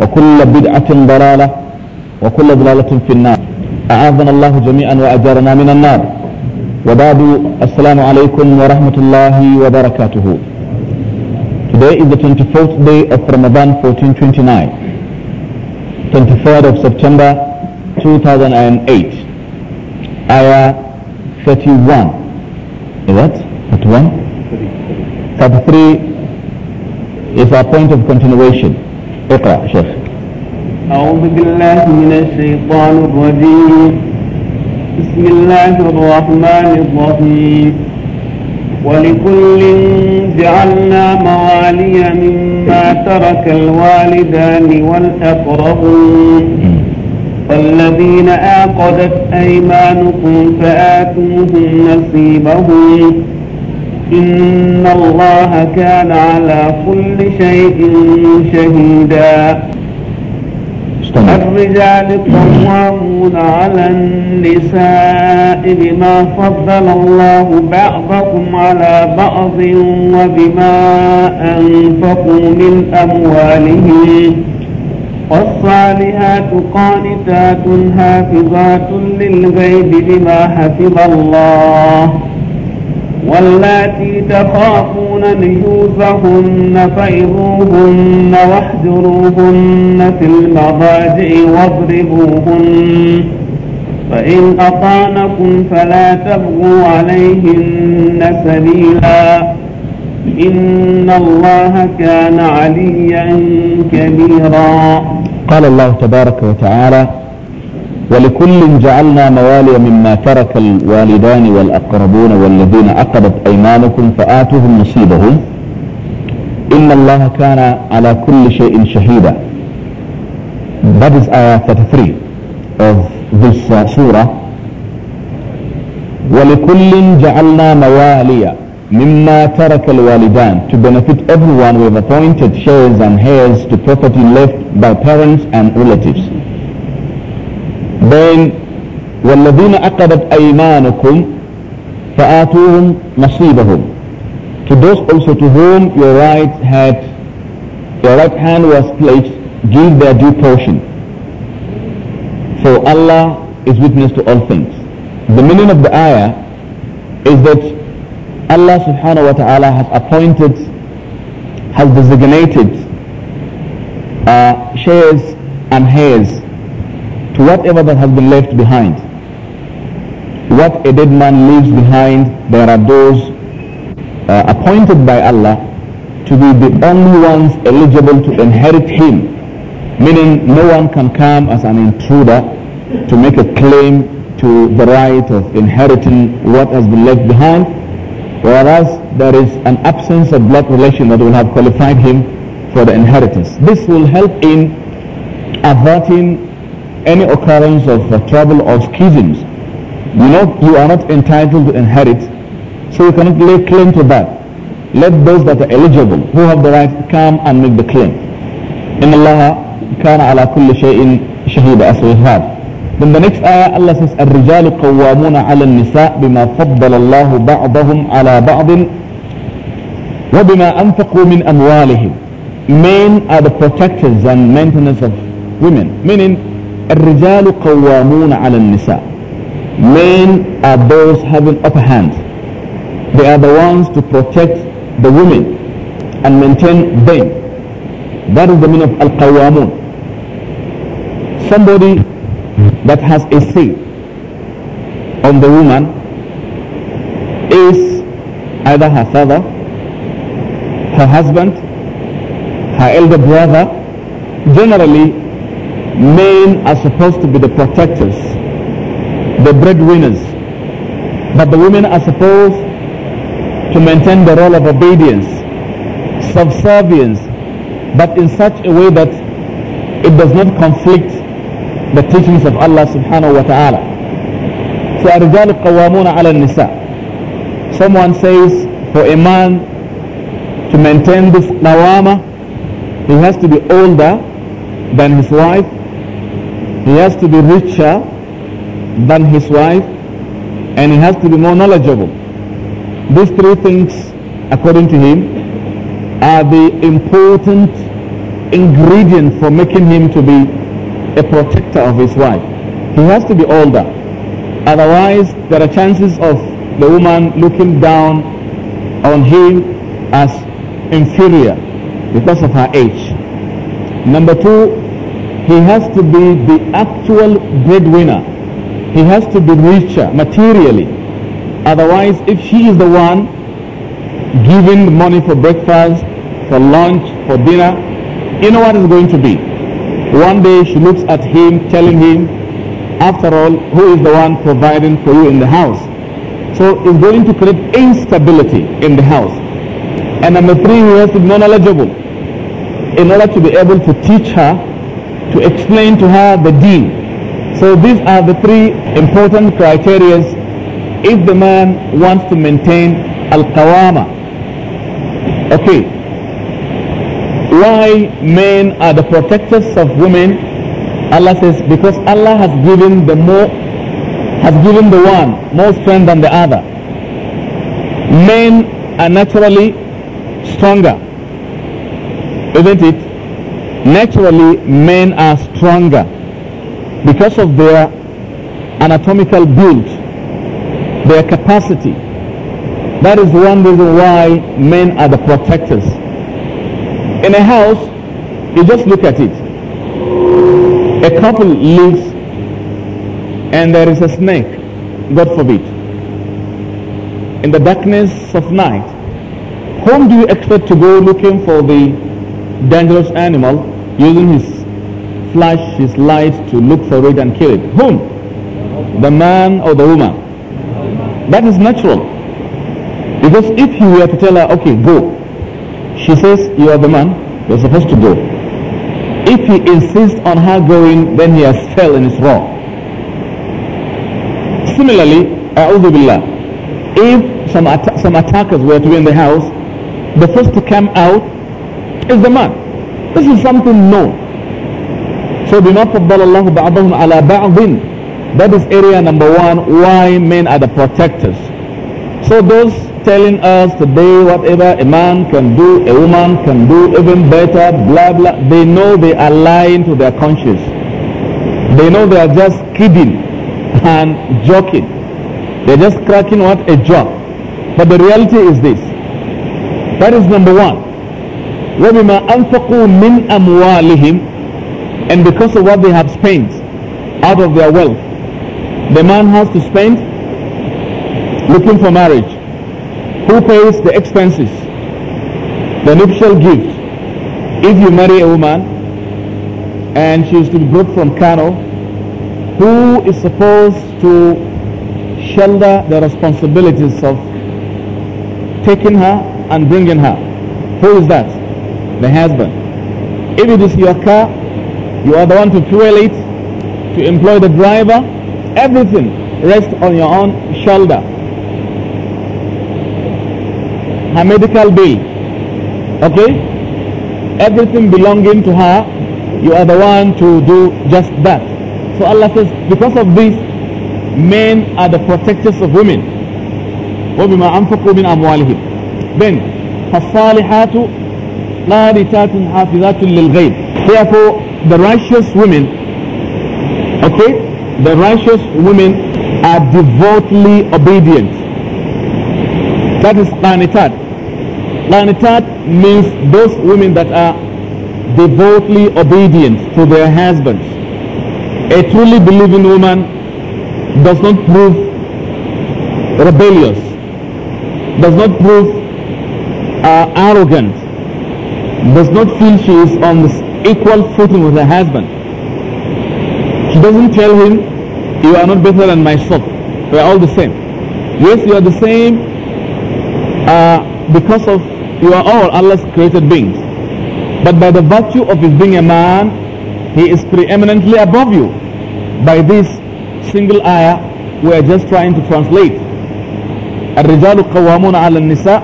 وكل بدعة ضلالة وكل ضلالة في النار أعاذنا الله جميعا وأجارنا من النار وبعد السلام عليكم ورحمة الله وبركاته Today is the 24th day of Ramadan 1429 23rd of September 2008 Ayah 31 Is that? 31? 33 is our point of continuation اقرأ شيخ أعوذ بالله من الشيطان الرجيم بسم الله الرحمن الرحيم ولكل جعلنا موالي مما ترك الوالدان والأقربون والذين عقدت أيمانكم فآتوهم نصيبهم إن الله كان على كل شيء شهيدا الرجال قوامون على النساء بما فضل الله بعضكم على بعض وبما أنفقوا من أموالهم والصالحات قانتات حافظات للغيب بما حفظ الله واللاتي تخافون نشوزهن فإذوهن واحجروهن في المضاجع واضربوهن فإن أطعنكم فلا تبغوا عليهن سبيلا إن الله كان عليا كبيرا قال الله تبارك وتعالى ولكل جعلنا موالي مما ترك الوالدان والأقربون والذين عقدت أيمانكم فآتهم نصيبهم إن الله كان على كل شيء شهيدا That is ayah آية 33 of this uh, surah ولكل جعلنا موالي مما ترك الوالدان to benefit everyone with appointed shares and heirs to property left by parents and relatives then وَالَّذِينَ أَقَبَتْ أَيْمَانُكُمْ فَآتُوهُمْ نَصِيبَهُمْ To those also to whom your right had your right hand was placed, give their due portion. So Allah is witness to all things. The meaning of the ayah is that Allah subhanahu wa ta'ala has appointed, has designated uh, shares and heirs to whatever that has been left behind. What a dead man leaves behind, there are those uh, appointed by Allah to be the only ones eligible to inherit him. Meaning no one can come as an intruder to make a claim to the right of inheriting what has been left behind, whereas there is an absence of blood relation that will have qualified him for the inheritance. This will help in averting any occurrence of uh, trouble or schisms, you know you are not entitled to inherit, so you cannot lay claim to that. Let those that are eligible, who have the right, come and make the claim. In Allah, كان على كل شيء شهيد as we have. Then the next ayah Allah says الرجال قوامون على النساء بما فضل الله بعضهم على بعض وبما أنفقوا من أموالهم men are the protectors and maintenance of women. Meaning, الرجال قوامون على النساء men are those having upper hand they are the ones to protect the women and maintain them that is the meaning of al-qawamun somebody that has a say on the woman is either her father her husband her elder brother generally men are supposed to be the protectors, the breadwinners, but the women are supposed to maintain the role of obedience, subservience, but in such a way that it does not conflict the teachings of Allah subhanahu wa ta'ala. So الرجال Qawamuna على Nisa. Someone says for a man to maintain this qawama, he has to be older than his wife he has to be richer than his wife and he has to be more knowledgeable. These three things, according to him, are the important ingredient for making him to be a protector of his wife. He has to be older. Otherwise, there are chances of the woman looking down on him as inferior because of her age. Number two, he has to be the actual breadwinner. He has to be richer materially. Otherwise, if she is the one giving money for breakfast, for lunch, for dinner, you know what it's going to be. One day she looks at him, telling him, after all, who is the one providing for you in the house? So it's going to create instability in the house. And number three, he has to be knowledgeable in order to be able to teach her to explain to her the deen. So these are the three important criteria if the man wants to maintain al-qawama. Okay. Why men are the protectors of women? Allah says because Allah has given the more has given the one more strength than the other. Men are naturally stronger. Isn't it? naturally men are stronger because of their anatomical build, their capacity. That is one reason why men are the protectors. In a house, you just look at it. A couple lives and there is a snake, God forbid. In the darkness of night, whom do you expect to go looking for the dangerous animal using his flash, his light to look for it and kill it. Whom? The man or the woman? That is natural. Because if you were to tell her, okay, go, she says, you are the man, you're supposed to go. If he insists on her going, then he has failed and is wrong. Similarly, Billah, if some, some attackers were to be in the house, the first to come out is the man. This is something known. So بما فضل الله بعضهم على That is area number one, why men are the protectors. So those telling us today whatever a man can do, a woman can do even better, blah blah, they know they are lying to their conscience. They know they are just kidding and joking. They're just cracking what? A joke. But the reality is this. That is number one. وَبِمَا أَنْفَقُوا مِنْ أَمْوَالِهِمْ And because of what they have spent out of their wealth, the man has to spend looking for marriage. Who pays the expenses? The nuptial gift. If you marry a woman and she is to be brought from Kano, who is supposed to shoulder the responsibilities of taking her and bringing her? Who is that? the husband. If it is your car, you are the one to fuel it, to employ the driver. Everything rests on your own shoulder. Her medical bill, okay? Everything belonging to her, you are the one to do just that. So Allah says, because of this, men are the protectors of women. وبما أنفقوا من أموالهم. Then, فالصالحات قانتات حافظات للغيب therefore the righteous women okay the righteous women are devoutly obedient that is qanitat qanitat means those women that are devoutly obedient to their husbands a truly believing woman does not prove rebellious does not prove uh, arrogant does not feel she is on the equal footing with her husband. She doesn't tell him, you are not better than myself. We are all the same. Yes, you are the same uh, because of you are all Allah's created beings. But by the virtue of his being a man, he is preeminently above you. By this single ayah, we are just trying to translate. الرجال قوامون على النساء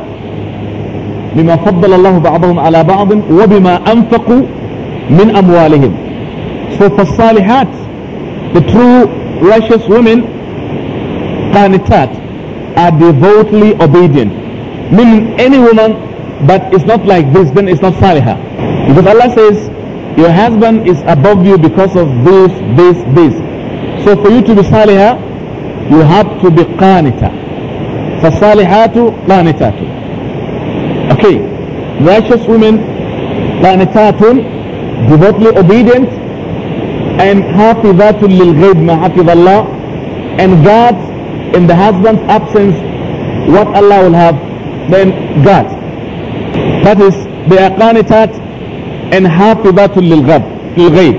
بما فضل الله بعضهم على بعض وبما أنفقوا من أموالهم so the true righteous women قانتات are devoutly obedient meaning any woman but it's not like this then it's not salihah because Allah says your husband is above you because of this this this so for you to be salihah you have to be قانتة فالصالحات قانتات Okay. Righteous women, qanitatun, devotedly obedient, and hafizatun lil ghaib Allah, and guards in the husband's absence what Allah will have, then guards. That is, they are qanitat and hafizatul lil ghaib.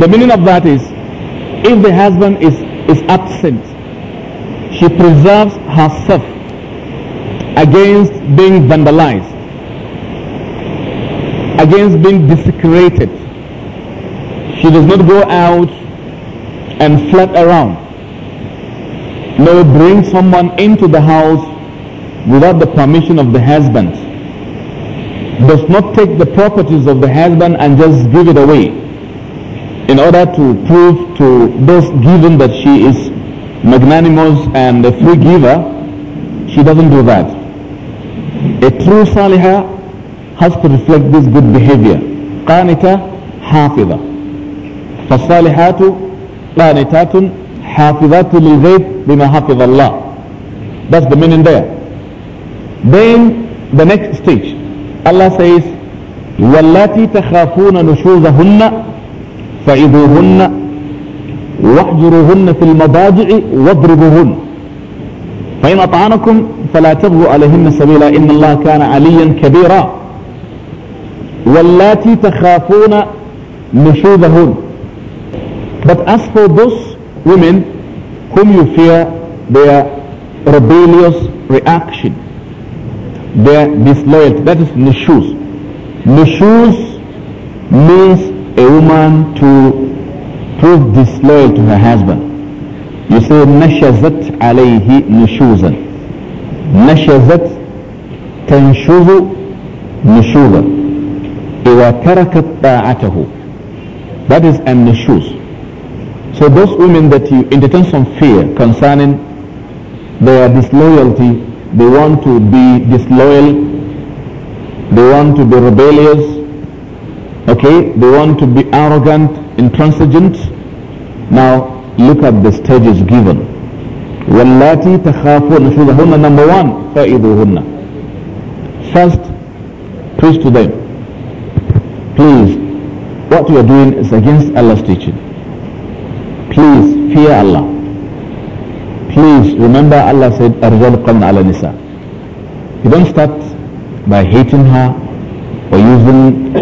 The meaning of that is, if the husband is, is absent, she preserves herself against being vandalized, against being desecrated. She does not go out and flirt around, nor bring someone into the house without the permission of the husband. Does not take the properties of the husband and just give it away in order to prove to those given that she is magnanimous and a free giver. She doesn't do that. A true salihah has to reflect this good behavior. قانتة حافظة فالصالحات قانتات حافظات للغيب بما حفظ الله. That's the meaning there. Then the next stage. Allah says واللاتي تخافون نشوزهن فعظوهن واحجروهن في المضاجع واضربوهن فإن أطعنكم فلا تبغوا عليهن سبيلا إن الله كان عليا كبيرا واللاتي تخافون نشوذهن But as for those women whom you fear their rebellious reaction, their disloyalty, that is nushuz. Nushuz means a woman to prove disloyal to her husband. يصير نشزت عليه نشوزا نشزت تنشز نشوزا إذا تركت طاعته that is an so those women that you entertain some fear concerning their disloyalty they want to be disloyal they want to be rebellious okay they want to be arrogant intransigent now look at the stages given. وَاللَّاتِي تَخَافُونَ شُذَهُنَّ Number one, فَإِذُوهُنَّ First, preach to them. Please, what you are doing is against Allah's teaching. Please, fear Allah. Please, remember Allah said, أَرْجَلُ قَلْنَ عَلَى نِسَى You don't start by hating her or using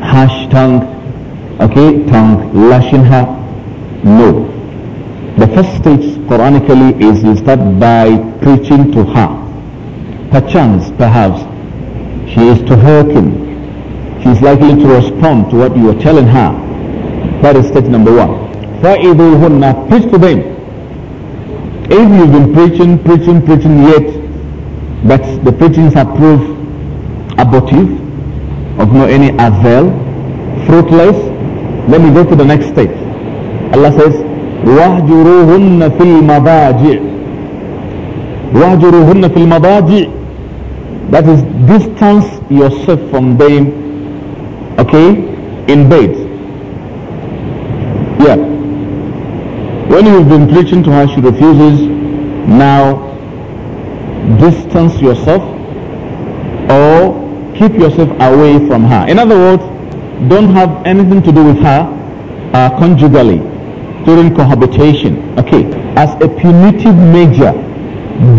harsh tongue, okay, tongue, lashing her. No first stage Quranically is you start by preaching to her. Perchance, perhaps, she is to hearken. She is likely to respond to what you are telling her. That is stage number one. فَإِذُوهُنَّ Preach to them. If you've been preaching, preaching, preaching yet, but the preachings have proved abortive, of no any avail, fruitless, let me go to the next stage. Allah says, واهجروهن في المضاجع واهجروهن في المضاجع that is distance yourself from them okay in bed yeah when you've been preaching to her she refuses now distance yourself or keep yourself away from her in other words don't have anything to do with her uh, conjugally during cohabitation. Okay, as a punitive measure.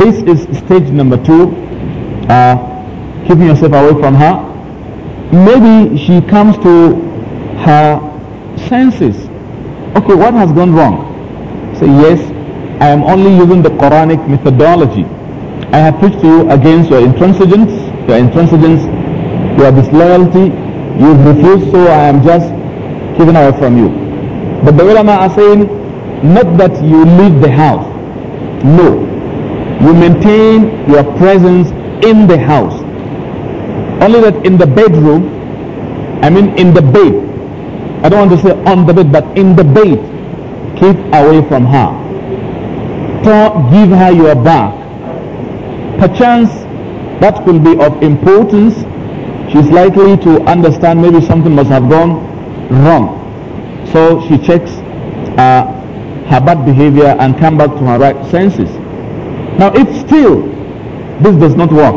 This is stage number two. Uh, keeping yourself away from her. Maybe she comes to her senses. Okay, what has gone wrong? Say, yes, I am only using the Quranic methodology. I have preached to you against your intransigence, your intransigence, your disloyalty. You've refused, so I am just giving away from you. But the ulama are saying, not that you leave the house. No. You maintain your presence in the house. Only that in the bedroom, I mean in the bed. I don't want to say on the bed, but in the bed, keep away from her. Don't give her your back. Perchance that could be of importance. She's likely to understand maybe something must have gone wrong. So she checks uh, her bad behavior and come back to her right senses. Now if still this does not work,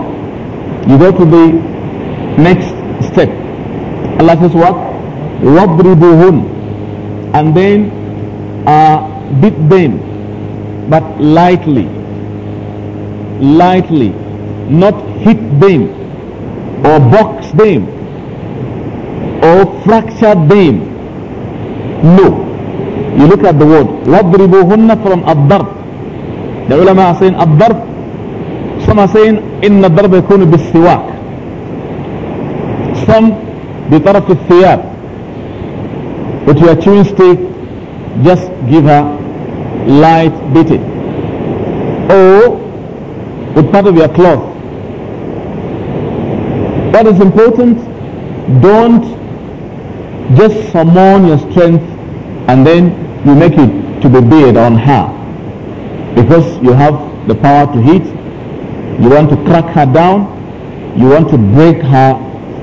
you go to the next step. Allah says what? وَضْرِبُهُمْ And then uh, beat them, but lightly. Lightly. Not hit them or box them or fracture them no. You look at the word. وَاضْرِبُوهُنَّ from الضرب. The ulama are saying الضرب. Some are saying إن الضرب يكون بالسواك. Some بطرف الثياب. But you are chewing stick, just give her light beating. Or with part of your cloth. What is important, don't just summon your strength and then you make it to be bid on her because you have the power to hit you want to crack her down you want to break her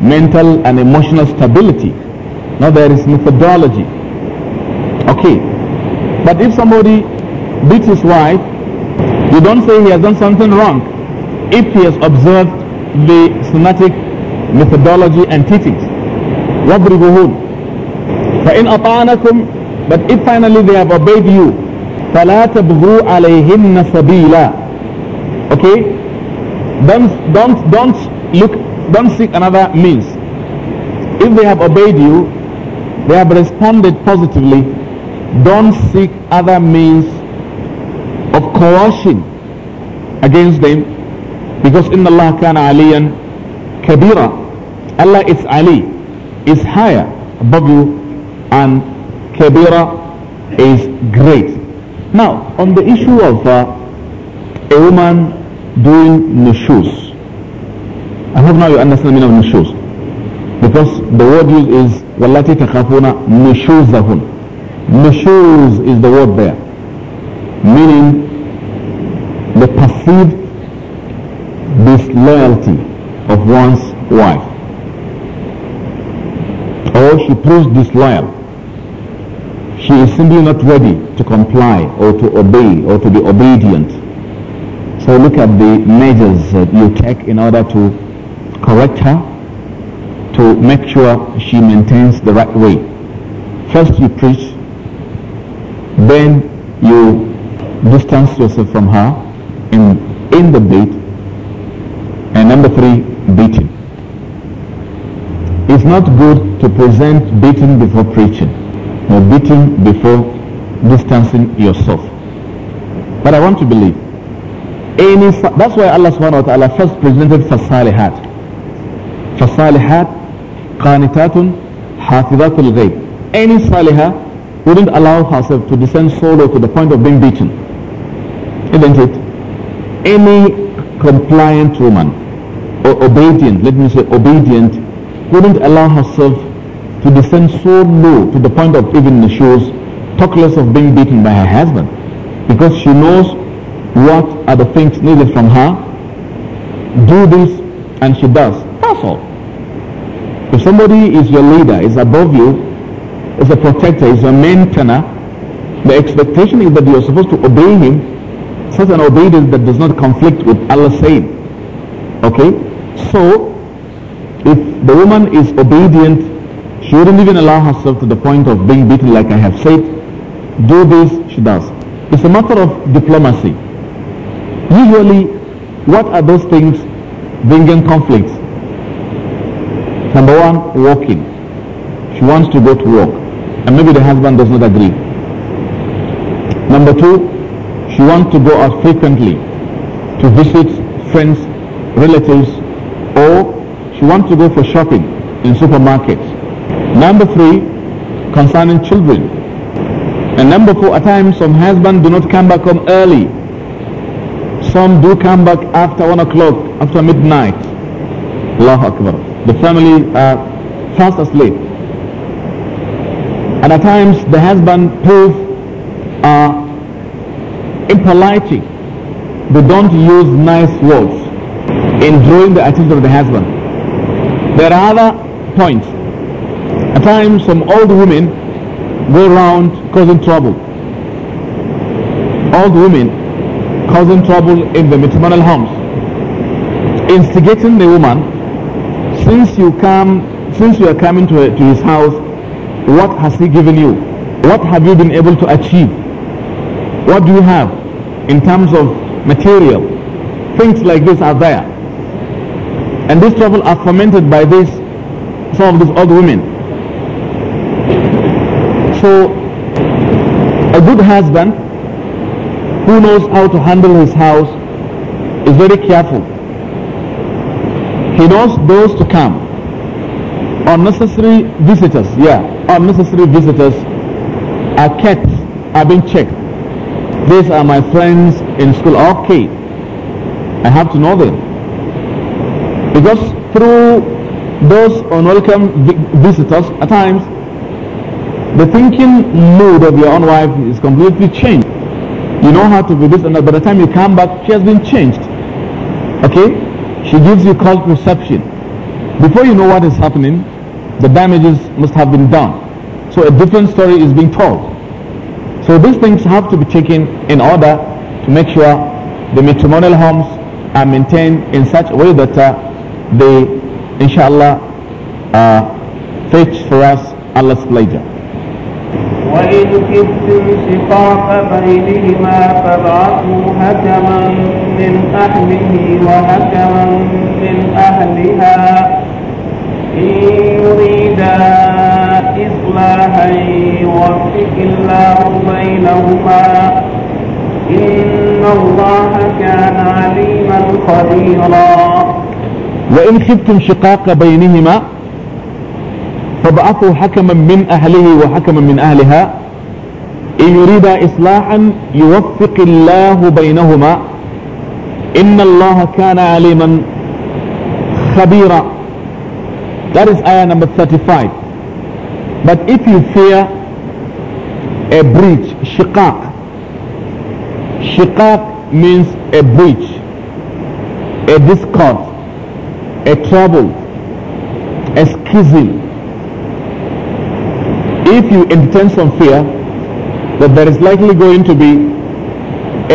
mental and emotional stability now there is methodology okay but if somebody beats his wife you don't say he has done something wrong if he has observed the somatic methodology and teachings. فإن أطعنكم but if finally they have obeyed you فلا تبغوا عليهن سبيلا okay don't don't don't look don't seek another means if they have obeyed you they have responded positively don't seek other means of coercion against them because in Allah kana aliyan kabira Allah is Ali is higher above you and Kebira is great. Now, on the issue of uh, a woman doing nushus, I hope now you understand the meaning of nushus. Because the word used is وَالَّتِي تَخَافُونَ نُشُوزَهُنْ Nushuz is the word there. Meaning the perceived disloyalty of one's wife. Or she proves disloyal she is simply not ready to comply or to obey or to be obedient. So look at the measures that you take in order to correct her, to make sure she maintains the right way. First you preach, then you distance yourself from her in, in the bed. And number three, beating. It's not good to present beating before preaching or beating before distancing yourself. But I want to believe. Any, that's why Allah subhanahu wa ta'ala first presented fasalihat. Fasalihat, qanitatun, hafizatul ghayb. Any salihah wouldn't allow herself to descend solo to the point of being beaten. Isn't it? Any compliant woman, or obedient, let me say obedient, wouldn't allow herself to descend so low to the point of even the shows, talk less of being beaten by her husband because she knows what are the things needed from her. Do this and she does. That's all. If somebody is your leader, is above you, is a protector, is a maintainer, the expectation is that you are supposed to obey him such an obedience that does not conflict with Allah's saying. Okay? So, if the woman is obedient she wouldn't even allow herself to the point of being beaten like I have said. Do this, she does. It's a matter of diplomacy. Usually, what are those things bringing conflicts? Number one, walking. She wants to go to work. And maybe the husband does not agree. Number two, she wants to go out frequently to visit friends, relatives, or she wants to go for shopping in supermarket. Number three, concerning children. And number four, at times some husbands do not come back home early. Some do come back after one o'clock, after midnight. Allahu Akbar. The family are fast asleep. And at times the husband prove uh, impolite. They don't use nice words in drawing the attention of the husband. There are other points. At times, some old women go around causing trouble. Old women causing trouble in the maternal homes, instigating the woman. Since you come, since you are coming to, to his house, what has he given you? What have you been able to achieve? What do you have in terms of material? Things like this are there. And this trouble are fomented by this some of these old women so a good husband who knows how to handle his house is very careful. He knows those to come. Unnecessary visitors, yeah, unnecessary visitors are kept, are being checked. These are my friends in school. Okay, I have to know them. Because through those unwelcome visitors, at times the thinking mood of your own wife is completely changed. You know how to do this, and by the time you come back, she has been changed. Okay? She gives you cold perception. Before you know what is happening, the damages must have been done. So a different story is being told. So these things have to be taken in order to make sure the matrimonial homes are maintained in such a way that uh, they, inshallah, uh, fetch for us Allah's pleasure. وإن خفتم شقاق بينهما فابعثوا هكما من أهله وهكما من أهلها إن يريدا إصلاحا يوفق الله بينهما إن الله كان عليما خبيرا وإن خفتم شقاق بينهما فبعثوا حكما من أهله وحكما من أهلها إن يريد إصلاحا يوفق الله بينهما إن الله كان عليما خبيرا That is ayah number 35 But if you fear a breach, shiqaq Shiqaq means a breach a discord a trouble a schism if you entertain some fear that there is likely going to be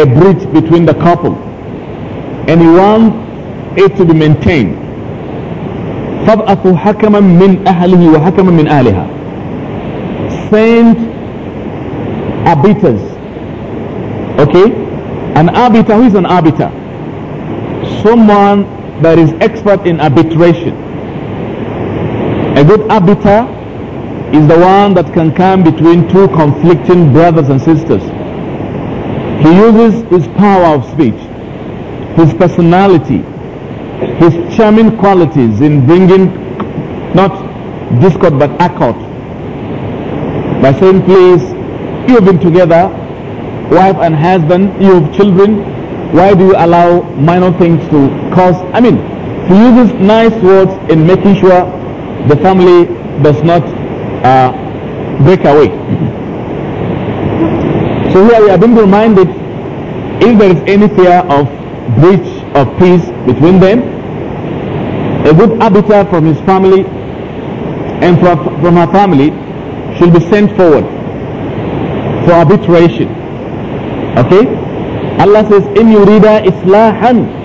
a breach between the couple and you want it to be maintained فَبْأَثُ حَكَمًا مِنْ أَهْلِهِ وَحَكَمًا مِنْ أَهْلِهَا Send arbiters. Okay? An arbiter, who is an arbiter? Someone that is expert in arbitration. A good arbiter is the one that can come between two conflicting brothers and sisters. He uses his power of speech, his personality, his charming qualities in bringing not discord but accord by saying, please, you've been together, wife and husband, you have children, why do you allow minor things to cause, I mean, he uses nice words in making sure the family does not uh, break away. So here we are being reminded if there is any fear of breach of peace between them, a good arbiter from his family and from her family should be sent forward for arbitration. Okay? Allah says, in yurida islahan.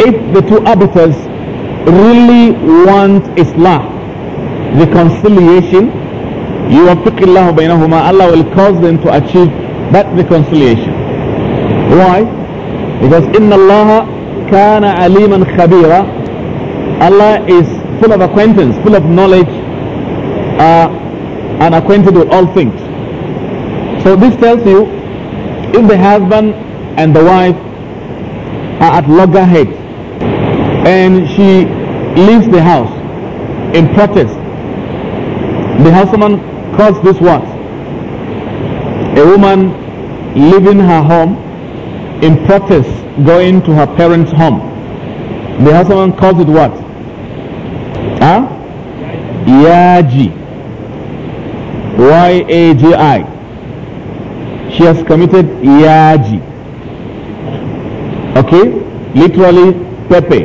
If the two arbiters really want islah, reconciliation, you are بينهما Allah will cause them to achieve that reconciliation. Why? Because in Allah kana aliman خبيرا Allah is full of acquaintance, full of knowledge uh, and acquainted with all things. So this tells you if the husband and the wife are at loggerheads and she leaves the house in protest the husband caused this once. A woman leaving her home in protest going to her parents' home. The husband calls it what? Huh? Yaji. Y-A-J-I. She has committed Yaji. Okay? Literally, Pepe.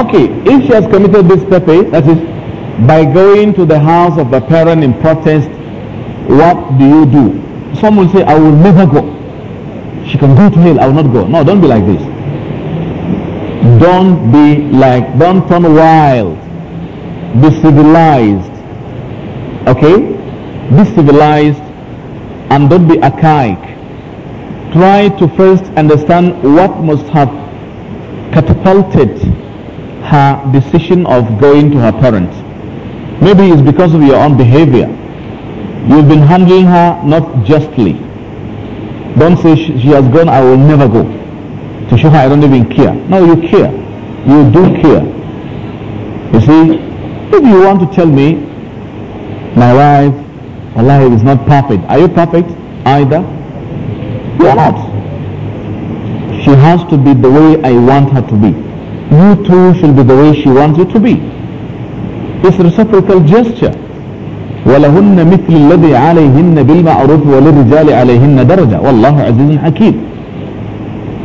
Okay, if she has committed this Pepe, that is by going to the house of a parent in protest, what do you do? Some will say, I will never go. She can go to hell, I will not go. No, don't be like this. Don't be like, don't turn wild. Be civilized. Okay? Be civilized and don't be archaic. Try to first understand what must have catapulted her decision of going to her parents Maybe it's because of your own behavior. You've been handling her not justly. Don't say she, has gone, I will never go. To show her I don't even care. No, you care. You do care. You see, if you want to tell me, my wife, Allah is not perfect. Are you perfect either? You are not. She has to be the way I want her to be. You too should be the way she wants you to be. It's reciprocal gesture. ولهن مثل الذي عليهن بالمعروف وللرجال عليهن درجة والله عزيز حكيم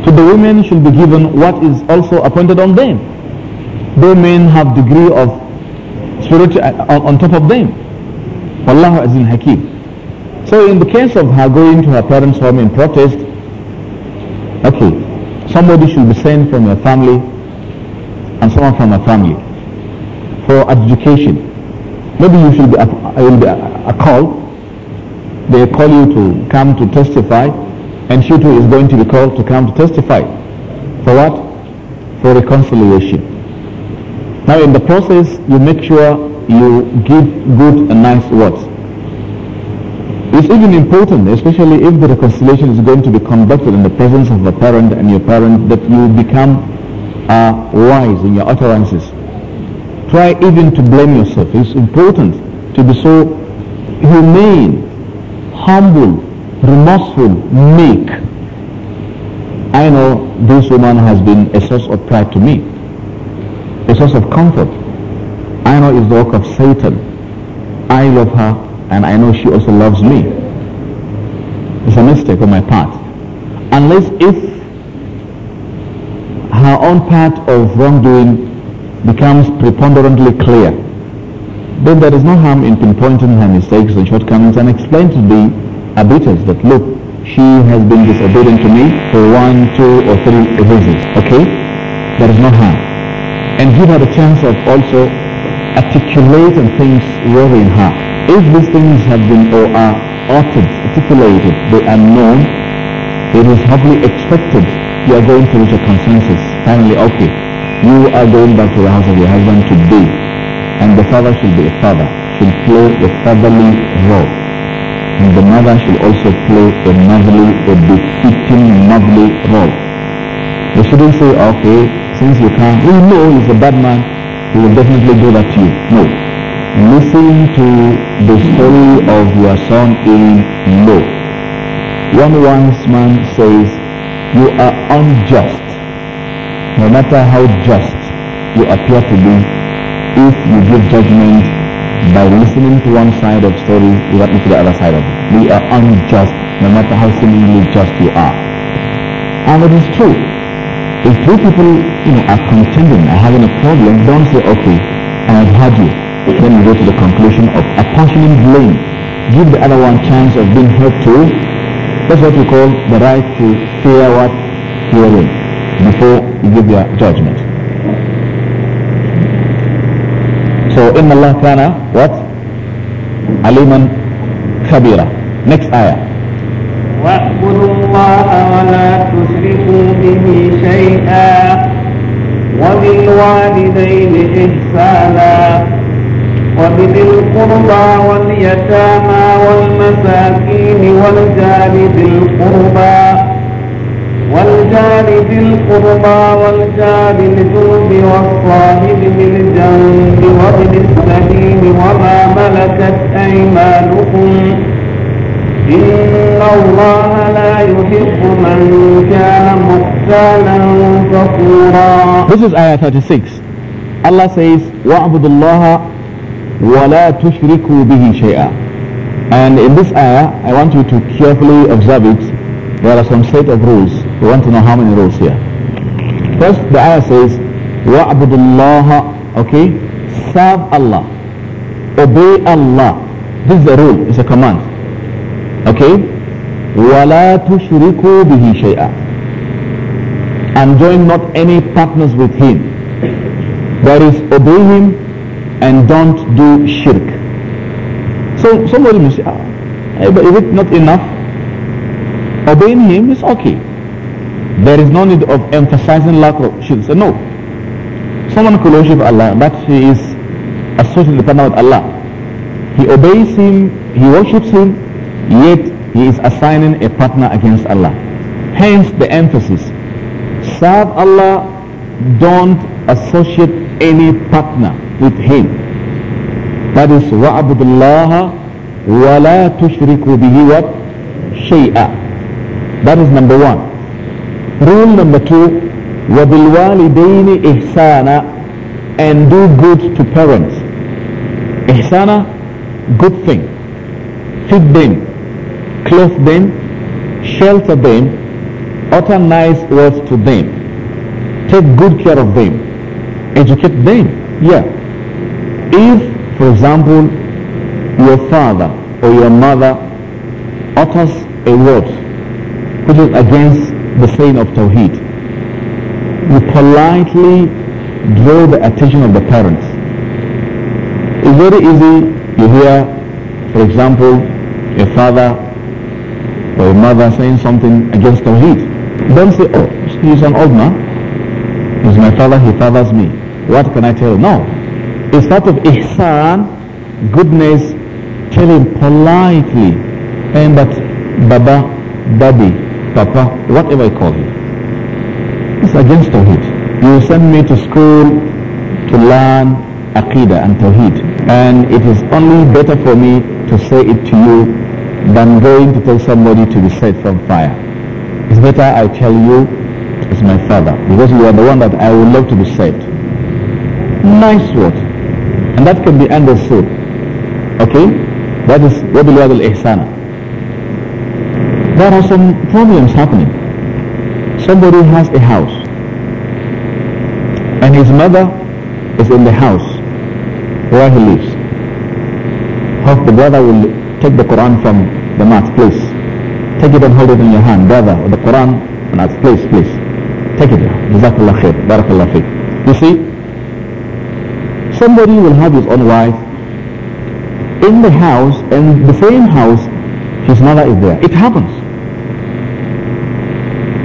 So the women should be given what is also appointed on them. Though men have degree of spirit on, top of them. والله Azim Hakim. So in the case of her going to her parents' home in protest, okay, somebody should be sent from her family and someone from her family for adjudication. Maybe you should be, I will be a, a call. They call you to come to testify, and she too is going to be called to come to testify. For what? For reconciliation. Now in the process, you make sure you give good and nice words. It's even important, especially if the reconciliation is going to be conducted in the presence of a parent and your parent, that you become uh, wise in your utterances. Try even to blame yourself. It's important to be so humane, humble, remorseful, meek. I know this woman has been a source of pride to me, a source of comfort. I know it's the work of Satan. I love her and I know she also loves me. It's a mistake on my part. Unless if her own part of wrongdoing becomes preponderantly clear, then there is no harm in pinpointing her mistakes and shortcomings and explain to the arbiters that, look, she has been disobedient to me for one, two, or three reasons. Okay? There is no harm. And give her the chance of also articulating things worrying her. If these things have been or are uttered, articulated, they are known, it is hardly expected you are going to reach a consensus. Finally, okay, you are going back to the house of your husband today. And the father should be a father, should play a fatherly role. And the mother should also play a motherly, a befitting motherly role. They shouldn't say, okay, since you can't, we know he's a bad man, he will definitely do that to you. No. Listen to the story of your son in law. One wise man says, you are unjust no matter how just you appear to be, if you give judgment by listening to one side of story without listening to the other side of it, you are unjust no matter how seemingly just you are. And it is true. If two people you know, are contending are having a problem, don't say, okay, I have heard you. Then you go to the conclusion of apportioning blame. Give the other one chance of being heard too. That's what we call the right to hear what? Hearing. before you give your judgment. So إن الله كان what? عليما خبيرا. Next ayah. واعبدوا الله ولا تشركوا به شيئا وبالوالدين إحسانا وبذي القربى واليتامى والمساكين والجار ذي القربى والجار ذي القربى والجار الجنب والصاحب بالجنب وابن السبيل وما ملكت أيمانكم إن الله لا يحب من كان مختالا فخورا This is ayah 36 Allah says وَاعْبُدُ اللَّهَ وَلَا تُشْرِكُوا بِهِ شَيْئًا And in this ayah, I want you to carefully observe it there are some set of rules. We want to know how many rules here. First, the ayah says, وَعْبُدُ اللَّهَ Okay? Serve Allah. Obey Allah. This is a rule. It's a command. Okay? وَلَا تُشْرِكُوا بِهِ شَيْئًا And join not any partners with him. That is, obey him and don't do shirk. So somebody may say, ah, but is it not enough? obeying him is okay. There is no need of emphasizing lack of should no. Someone could worship Allah, but he is associated partner with Allah. He obeys him, he worships him, yet he is assigning a partner against Allah. Hence the emphasis. Serve Allah, don't associate any partner with him. That is وَعَبُدُ اللَّهَ bihi wa بِهِ شَيْئًا that is number one. Rule number two, وَبِالْوَالِدَيْنِ إِحْسَانًا And do good to parents. Ihsana, good thing. Feed them, clothe them, shelter them, utter nice words to them. Take good care of them. Educate them. Yeah. If, for example, your father or your mother utters a word which is against the saying of Tawheed. You politely draw the attention of the parents. It's very easy, you hear, for example, a father or a mother saying something against Tawheed. Don't say, oh, he's an old man. He's my father, he fathers me. What can I tell him? No. It's part of ihsan, goodness, tell him politely, and but Baba, Daddy, Papa, whatever I call him. It's against Tawheed. You send me to school to learn Aqidah and Tawheed. And it is only better for me to say it to you than going to tell somebody to be saved from fire. It's better I tell you as my father because you are the one that I would love to be saved. Nice word. And that can be understood. Okay? That is ihsana. There are some problems happening. Somebody has a house and his mother is in the house where he lives. Hope the brother will take the Quran from the mat, please. Take it and hold it in your hand, brother, or the Quran on its place, please. Take it. Jazakallah khair. Barakallah You see, somebody will have his own wife in the house and the same house his mother is there. It happens.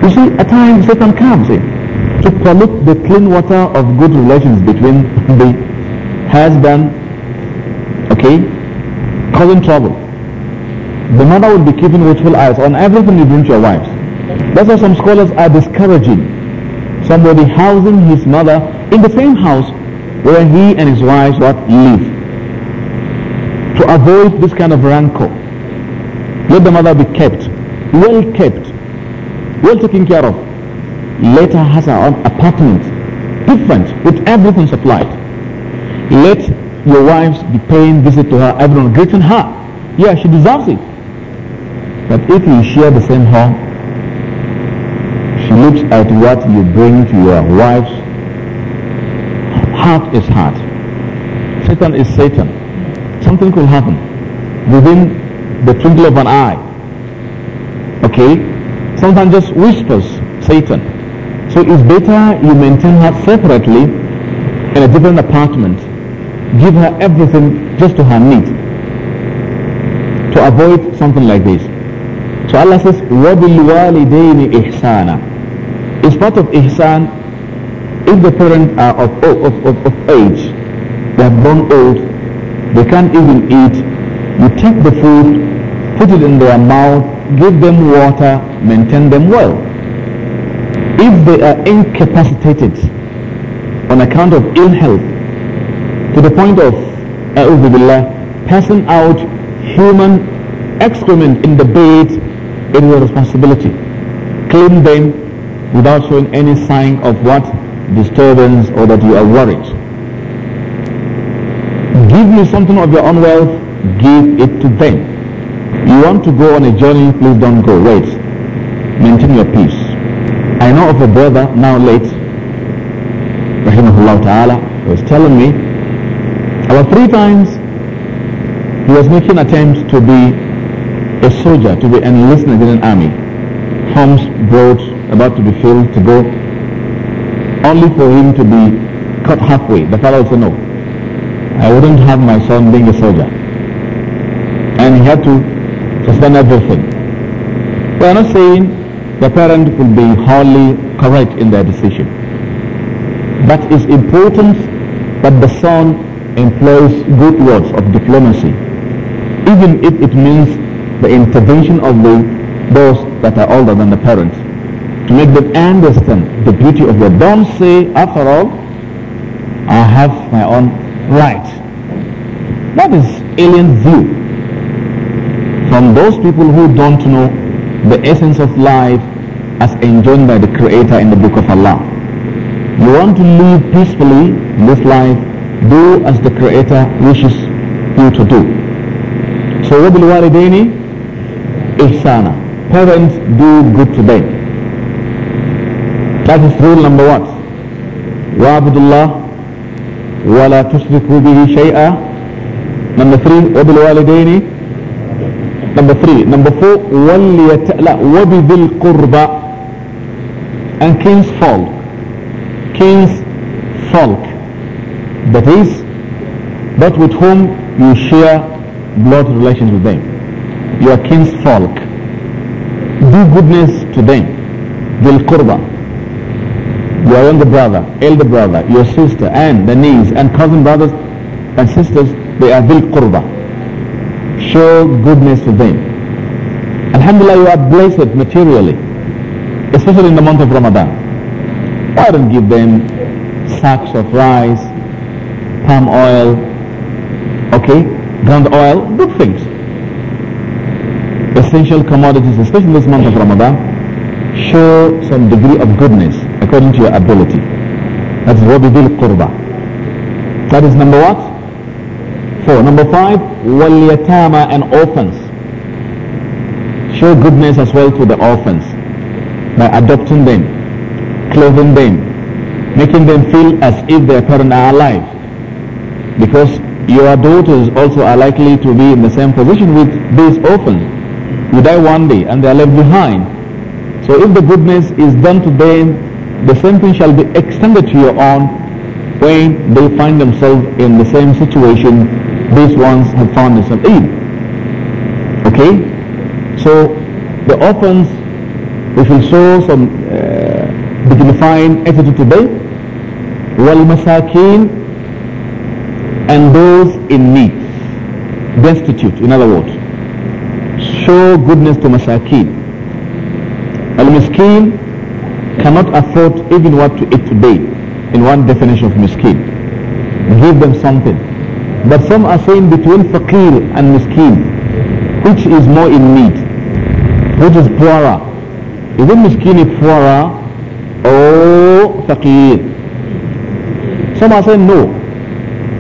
You see, at times Satan comes in to pollute the clean water of good relations between the husband, okay, causing trouble. The mother will be keeping watchful eyes on everything you bring to your wives. That's why some scholars are discouraging somebody housing his mother in the same house where he and his wives what live to avoid this kind of rancor let the mother be kept well kept well taken care of. Later has her own apartment, different, with everything supplied. Let your wives be paying visit to her, everyone greeting her. Yeah, she deserves it. But if you share the same home, she looks at what you bring to your wives. heart is heart. Satan is Satan. Something could happen within the twinkle of an eye. Okay? sometimes just whispers Satan. So it's better you maintain her separately in a different apartment. Give her everything just to her need to avoid something like this. So Allah says, وَبِالْوَالِدَيْنِ إِحْسَانًا It's part of ihsan if the parents are of, of, of, of age, they have grown old, they can't even eat, you take the food, put it in their mouth, give them water, maintain them well. If they are incapacitated on account of ill health, to the point of billah, passing out human excrement in the bed, it is a responsibility. Clean them without showing any sign of what disturbance or that you are worried. Give you something of your own wealth, give it to them you want to go on a journey, please don't go. Wait. Maintain your peace. I know of a brother now late, Rahimahullah Ta'ala, was telling me about three times he was making attempts to be a soldier, to be enlisted in an army. Homes brought, about to be filled, to go, only for him to be cut halfway. The father said, no, I wouldn't have my son being a soldier. And he had to it's done everything. We are not saying the parent will be wholly correct in their decision. But it's important that the son employs good words of diplomacy, even if it means the intervention of the, those that are older than the parents, to make them understand the beauty of what. Don't say, after all, I have my own right. That is alien view from those people who don't know the essence of life as enjoined by the Creator in the Book of Allah. You want to live peacefully in this life, do as the Creator wishes you to do. So وَبِالْوَالِدَيْنِ isana. Parents, do good to them. That is rule number one. وَعَبُدُ اللَّهِ وَلَا تُشْرِكُوا بِهِ shay'a. Number three, وَبِالْوَالِدَيْنِ number three. Number four, وَبِذِي الْقُرْبَى And king's folk. King's folk. That is, that with whom you share blood relations with them. You are king's folk. Do goodness to them. ذِي الْقُرْبَى your younger brother, elder brother, your sister, and the niece, and cousin brothers and sisters, they are bil qurba show goodness to them. Alhamdulillah, you are blessed materially, especially in the month of Ramadan. Why don't give them sacks of rice, palm oil, okay, ground oil, good things. Essential commodities, especially this month of Ramadan, show some degree of goodness according to your ability. That's what we Rabidil Qurba. That is number what? Four. Number five, waliyatama and orphans. Show goodness as well to the orphans by adopting them, clothing them, making them feel as if their parents are alive. Because your daughters also are likely to be in the same position with these orphans. You die one day and they are left behind. So if the goodness is done to them, the same thing shall be extended to your own when they find themselves in the same situation these ones have found of evil. Okay? So the orphans, we you show some uh, dignified attitude today. masakin and those in need, destitute, in other words. Show goodness to masakin. Al-miskin cannot afford even what to eat today in one definition of miskin. Give them something but some are saying between faqir and miskin, which is more in need, which is poorer. Is it miskin poorer or faqir? Some are saying no.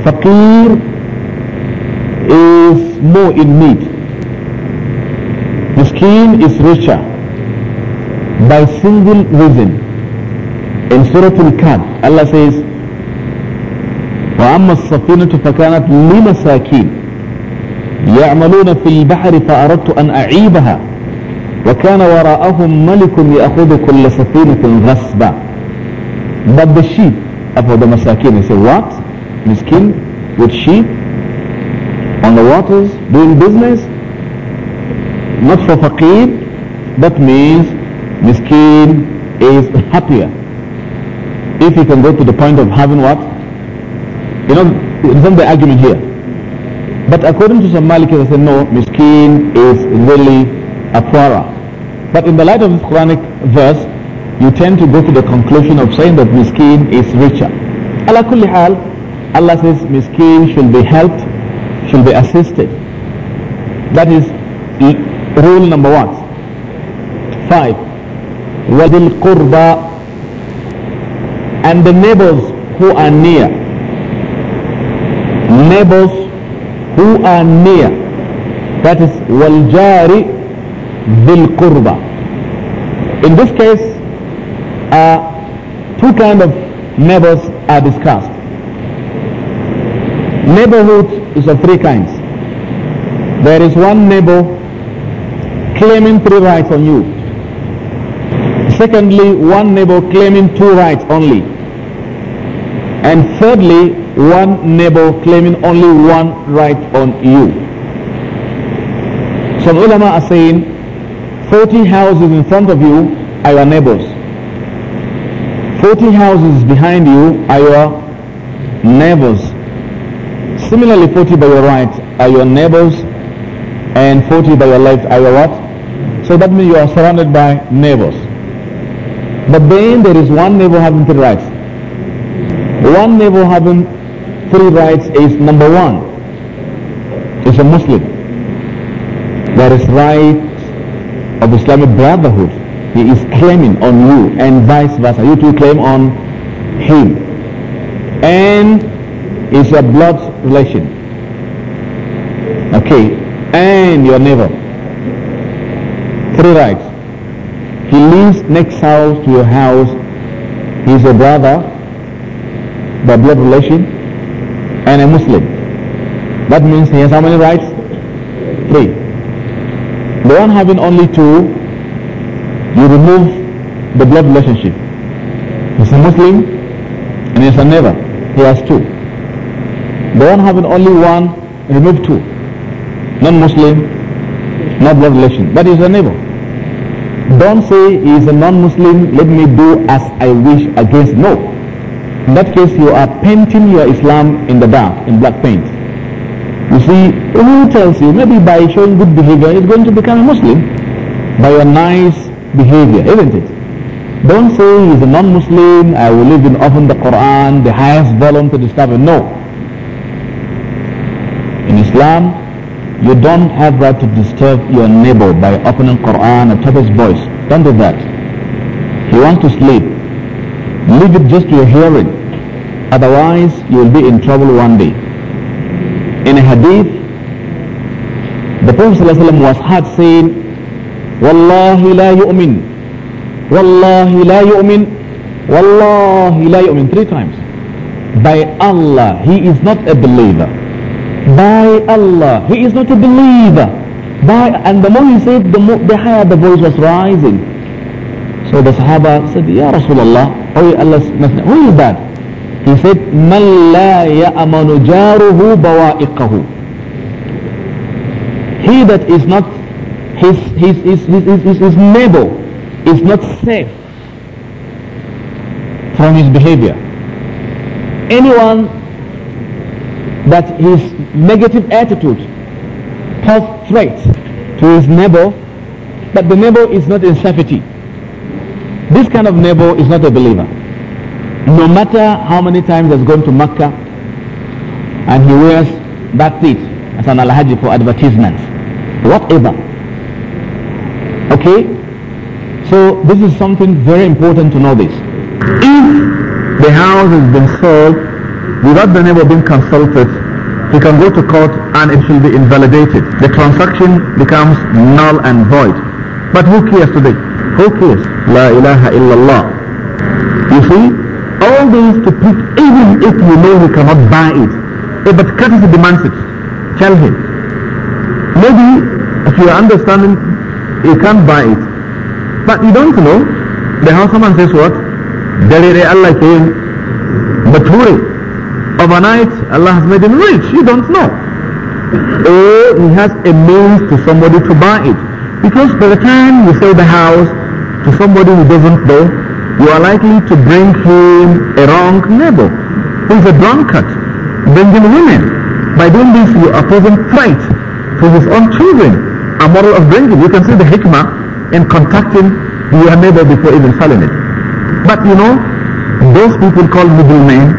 Faqir is more in need. Miskin is richer by single reason. In Surah Al-Kahf, Allah says, وأما السفينة فكانت لمساكين يعملون في البحر فأردت أن أعيبها وكان وراءهم ملك يأخذ كل سفينة غصبا but the sheep of the مساكين he said what miskin with sheep on the waters doing business not for faqir that means miskin is happier if he can go to the point of having what You know, isn't the argument here? But according to some Malikis, they say no, miskin is really a poorer. But in the light of this Quranic verse, you tend to go to the conclusion of saying that miskin is richer. Ala kulli hal, Allah says miskin should be helped, should be assisted. That is rule number one. Five, wadil qurba and the neighbors who are near neighbors who are near that is waljari bil in this case uh, two kind of neighbors are discussed neighborhood is of three kinds there is one neighbor claiming three rights on you secondly one neighbor claiming two rights only and thirdly, one neighbor claiming only one right on you. Some ulama are saying 40 houses in front of you are your neighbors. 40 houses behind you are your neighbors. Similarly, 40 by your right are your neighbors and 40 by your left are your what? So that means you are surrounded by neighbors. But then there is one neighbor having three rights. One neighbor having three rights is number one, is a Muslim. that is right of Islamic brotherhood. He is claiming on you and vice versa. You too claim on him. And is a blood relation. Okay. And your neighbor. Three rights. He lives next house to your house. He's a brother by blood relation, and a Muslim. That means he has how many rights? Three. The one having only two, you remove the blood relationship. He's a Muslim and he's a neighbor. He has two. The one having only one, remove two. Non-Muslim, not blood relation, but he's a neighbor. Don't say he is a non-Muslim, let me do as I wish against. No. In that case, you are painting your Islam in the dark, in black paint. You see, who tells you? Maybe by showing good behavior, he's going to become a Muslim by your nice behavior, isn't it? Don't say he's a non-Muslim, I will live in often the Quran, the highest volume to discover. No. In Islam, you don't have right to disturb your neighbor by opening Quran at top his voice. Don't do that. He wants to sleep. Leave it just to your hearing. Otherwise, you will be in trouble one day. In a hadith, the Prophet ﷺ was heard saying, Wallahi la yu'min. Wallahi la yu'min. Wallahi la yu'min. Three times. By Allah, he is not a believer. By Allah, he is not a believer. By, and the more he said, the, more, the higher the voice was rising. So the Sahaba said, Ya Rasulullah, oh who is that? He said, مَنْ لَا يَأْمَنُ جَارُهُ بَوَائِقَهُ He that is not, his, his, his, his, his, his neighbor is not safe from his behavior. Anyone that his negative attitude poses threat to his neighbor, but the neighbor is not in safety. This kind of neighbor is not a believer no matter how many times has gone to Mecca and he wears that fit as an alhaji for advertisements, whatever. Okay? So this is something very important to know this. If the house has been sold without the neighbor being consulted, he can go to court and it will be invalidated. The transaction becomes null and void. But who cares today? Who cares? La ilaha illallah. You see? all these to pick even if you know you cannot buy it. Eh, but courtesy demands it. Tell him. Maybe if you are understanding, you can't buy it. But you don't know. The houseman says what? Derere Allah came. Bature. Overnight, Allah has made him rich. You don't know. Or oh, he has a means to somebody to buy it. Because by the time you sell the house to somebody who doesn't know, you are likely to bring home a wrong neighbor who is a drunkard, bringing women. By doing this, you are posing threat to his own children, a model of bringing. You can see the hikmah in contacting your neighbor before even selling it. But you know, those people called middlemen,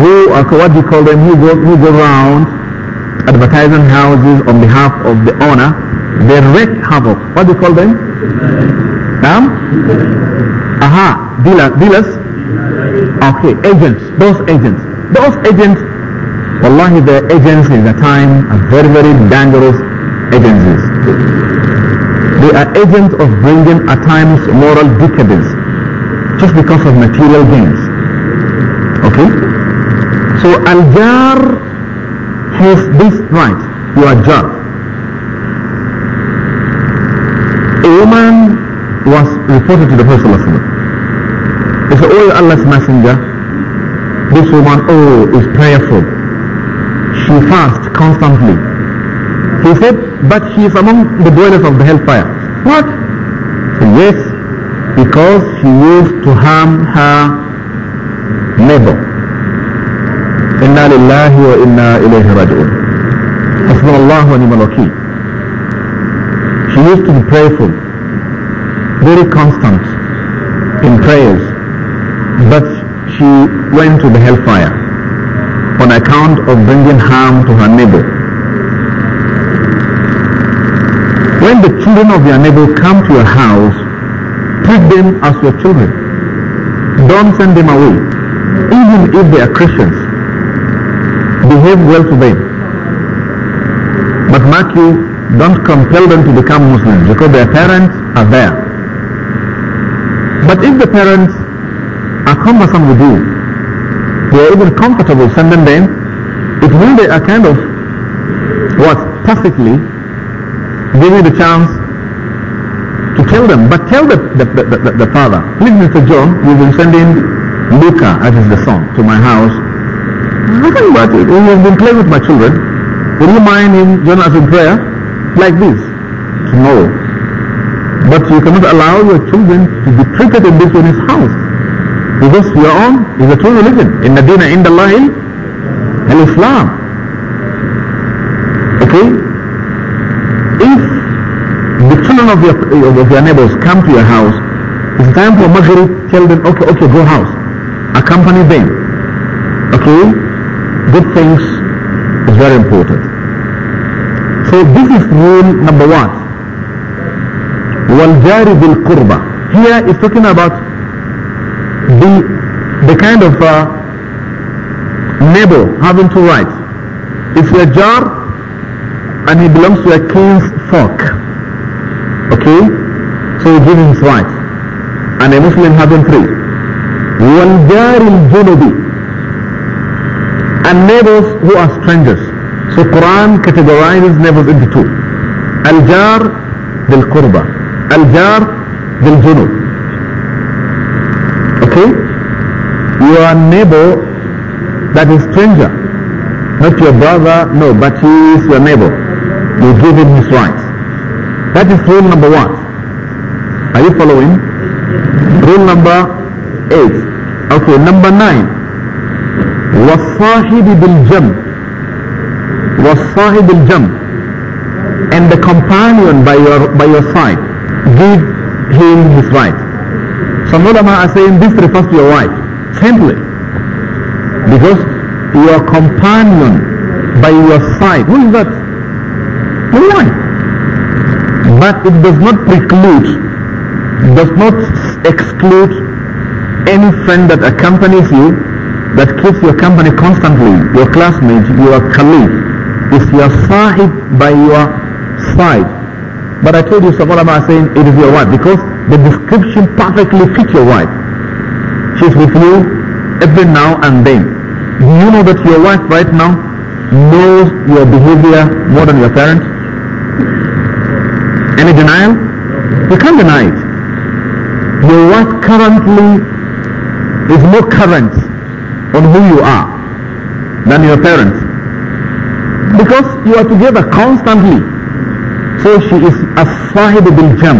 who are what you call them, who go, who go around advertising houses on behalf of the owner, they wreak havoc. What do you call them? Um, Aha, dealer, dealers. Okay, agents. Those agents. Those agents. Wallahi, the agents in the time are very, very dangerous agencies. They are agents of bringing at times moral decadence just because of material gains. Okay? So Al-Jar has this right. You are Jar. A woman was reported to the Prophet He said, Oh Allah's messenger, this woman, oh, is prayerful. She fasts constantly. He said, but she is among the dwellers of the hellfire. What? Said, yes, because she used to harm her neighbor. إنا لله وإنا إليه راجعون حسبنا الله ونعم الوكيل She used to be prayerful very constant in prayers, but she went to the hellfire on account of bringing harm to her neighbor. When the children of your neighbor come to your house, treat them as your children. Don't send them away, even if they are Christians. Behave well to them. But mark you, don't compel them to become Muslims because their parents are there. But if the parents are cumbersome with you, they are even comfortable sending them, it means they are kind of what tacitly giving the chance to tell them. But tell the, the, the, the, the father, please Mr. John, you've been sending Luca, as the son, to my house. Nothing but it. He has been playing with my children. Will you mind him join us in prayer? Like this. tomorrow? But you cannot allow your children to be treated in this in his house. Because your own is a true religion. In Nadina in the line, and Islam. Okay? If the children of your, of your neighbors come to your house, it's time for Maghrib, tell them, okay, okay, go house. Accompany them. Okay? Good things is very important. So this is rule number one. Waljari bil الْقُرْبَ Here it's talking about the, the kind of uh, neighbor having two rights. It's a jar and he belongs to a king's folk. Okay? So give him his And a Muslim having three. وَالْجَارِ jumadi, and neighbors who are strangers. So Quran categorizes neighbors into two. Al-jar bil-qurba. الجار بالجنوب okay your neighbor that is stranger not your brother no but he is your neighbor you give him his rights that is rule number one are you following rule number eight okay number nine والصاحب بالجنب والصاحب بالجنب and the companion by your by your side give him his right. Some ulama are saying this refers to your wife, simply. Because your companion by your side, who is that? The wife. But it does not preclude, does not exclude any friend that accompanies you, that keeps your company constantly, your classmate, your colleague, is your sahib by your side but I told you some them are saying it is your wife because the description perfectly fits your wife. She's with you every now and then. You know that your wife right now knows your behavior more than your parents? Any denial? You can't deny it. Your wife currently is more current on who you are than your parents. Because you are together constantly. So she is a bil gem.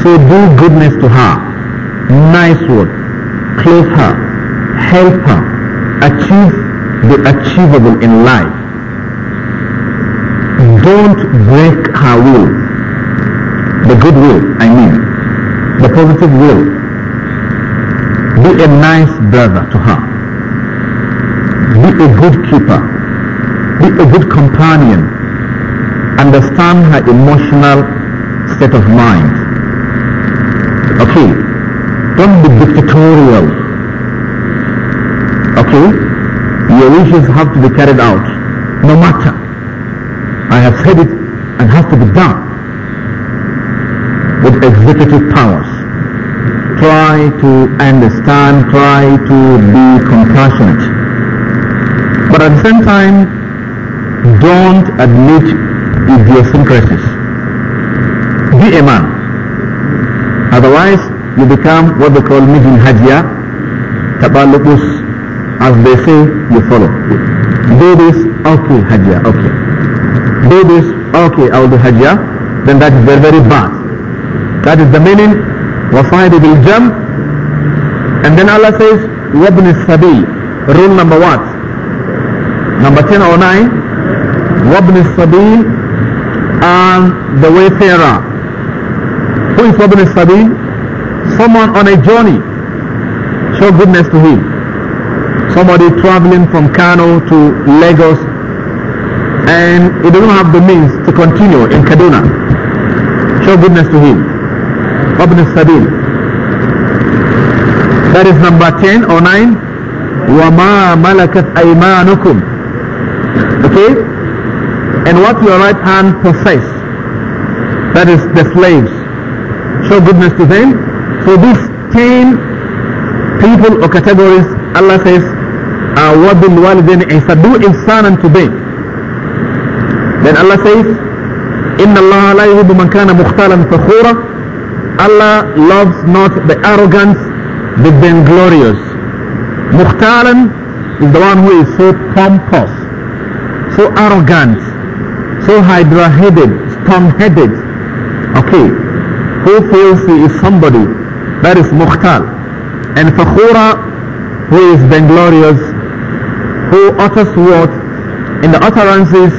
So do goodness to her. Nice word. Close her. Help her. Achieve the achievable in life. Don't break her will. The good will, I mean. The positive will. Be a nice brother to her. Be a good keeper. Be a good companion understand her emotional state of mind. Okay, don't be dictatorial. Okay, your wishes have to be carried out, no matter. I have said it and has to be done with executive powers. Try to understand, try to be compassionate. But at the same time, don't admit idiosyncrasies. Be a man. Otherwise, you become what they call Mijin Hajia, Tabalubus, as they say, you follow. Do this, okay, Hajia, okay. Do this, okay, I will do Hajia. Then that is very, very bad. That is the meaning, will jump. and then Allah says, Wabni sabil. Rule number what? Number 10 or 9? Wabni sabil and the wayfarer. Who is Ibn Sabil? Someone on a journey. Show goodness to him. Somebody traveling from Kano to Lagos and he doesn't have the means to continue in Kaduna. Show goodness to him. Ibn Sabil. That is number 10 or 9. وَمَا مَلَكَتْ أَيْمَانُكُمْ Okay? and what your right hand possess. That is the slaves. Show goodness to them. So these ten people or categories, Allah says, وَبِلْ وَالِدَيْنِ إِحْسَانًا Do ihsan unto them. Then Allah says, Inna اللَّهَ la يُحِبُّ man kana مُخْتَالًا فَخُورًا Allah loves not the arrogant, the vainglorious. Mukhtaran is the one who is so pompous, so arrogant, so hydra-headed, storm-headed. Okay, who feels he is somebody? That is Mukhtar. And Fakhura, who is vainglorious, who utters what? In the utterances,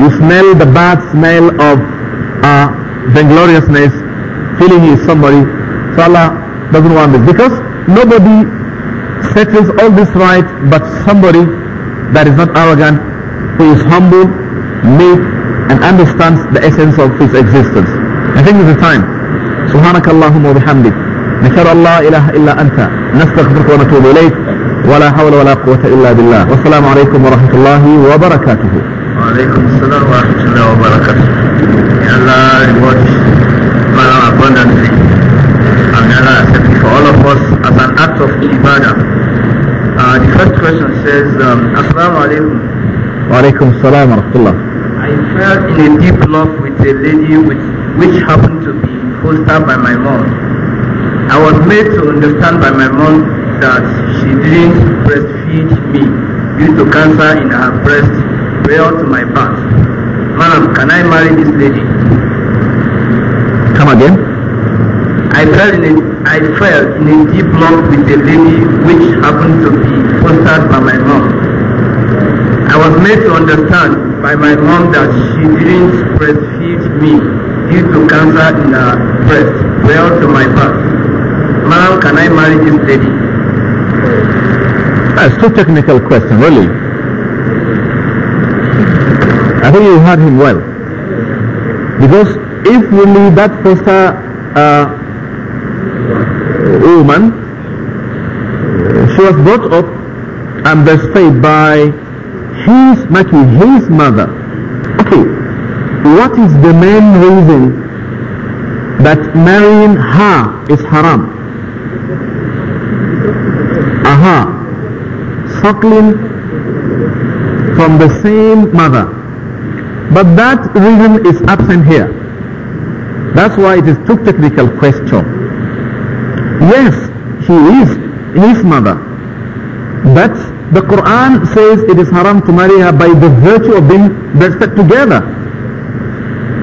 you smell the bad smell of uh, vaingloriousness, feeling he is somebody. So Allah doesn't want this because nobody settles all this right but somebody that is not arrogant, who is humble, meek, and understands the essence of his existence. I think it's the time. سبحانك اللهم وبحمدك نشهد أن لا إله إلا أنت نستغفرك ونتوب إليك ولا حول ولا قوة إلا بالله والسلام عليكم ورحمة الله وبركاته وعليكم السلام ورحمة الله وبركاته يا الله reward man abundantly and Allah accept for all of us as an act of ibadah uh, the first question says um, Assalamu alaikum wa alaikum assalam wa rahmatullah fell in a deep love with a lady which, which happened to be fostered by my mom. I was made to understand by my mom that she didn't breastfeed me due to cancer in her breast prior to my birth. Ma'am, can I marry this lady? Come again? I fell in a, I fell in a deep love with a lady which happened to be fostered by my mom. I was made to understand by my mom that she didn't breastfeed me due to cancer in her breast. Well, to my past. now can I marry this lady? That's too technical question, really. I think you heard him well. Because if really that foster uh, woman, she was brought up and breastfed by his, making his mother. Okay, what is the main reason that marrying her is haram? Aha, suckling from the same mother. But that reason is absent here. That's why it is too technical question. Yes, he is his mother, but The Quran says it is haram to marry her by the virtue of being birthed together.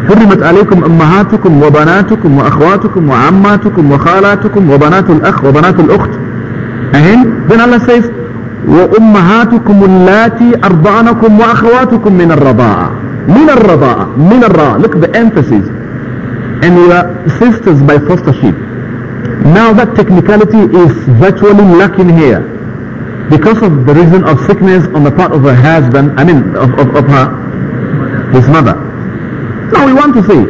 حرمت عليكم أمهاتكم وبناتكم وأخواتكم وعماتكم وخالاتكم وبنات الأخ وبنات الأخت. And then Allah says وأمهاتكم اللاتي أرضعنكم وأخواتكم من الرضاعة. من الرضاعة من الرضاعة. Look the emphasis. And we are sisters by fostership. Now that technicality is virtually lacking here. because of the reason of sickness on the part of her husband, I mean of, of, of her, his mother. Now we want to see,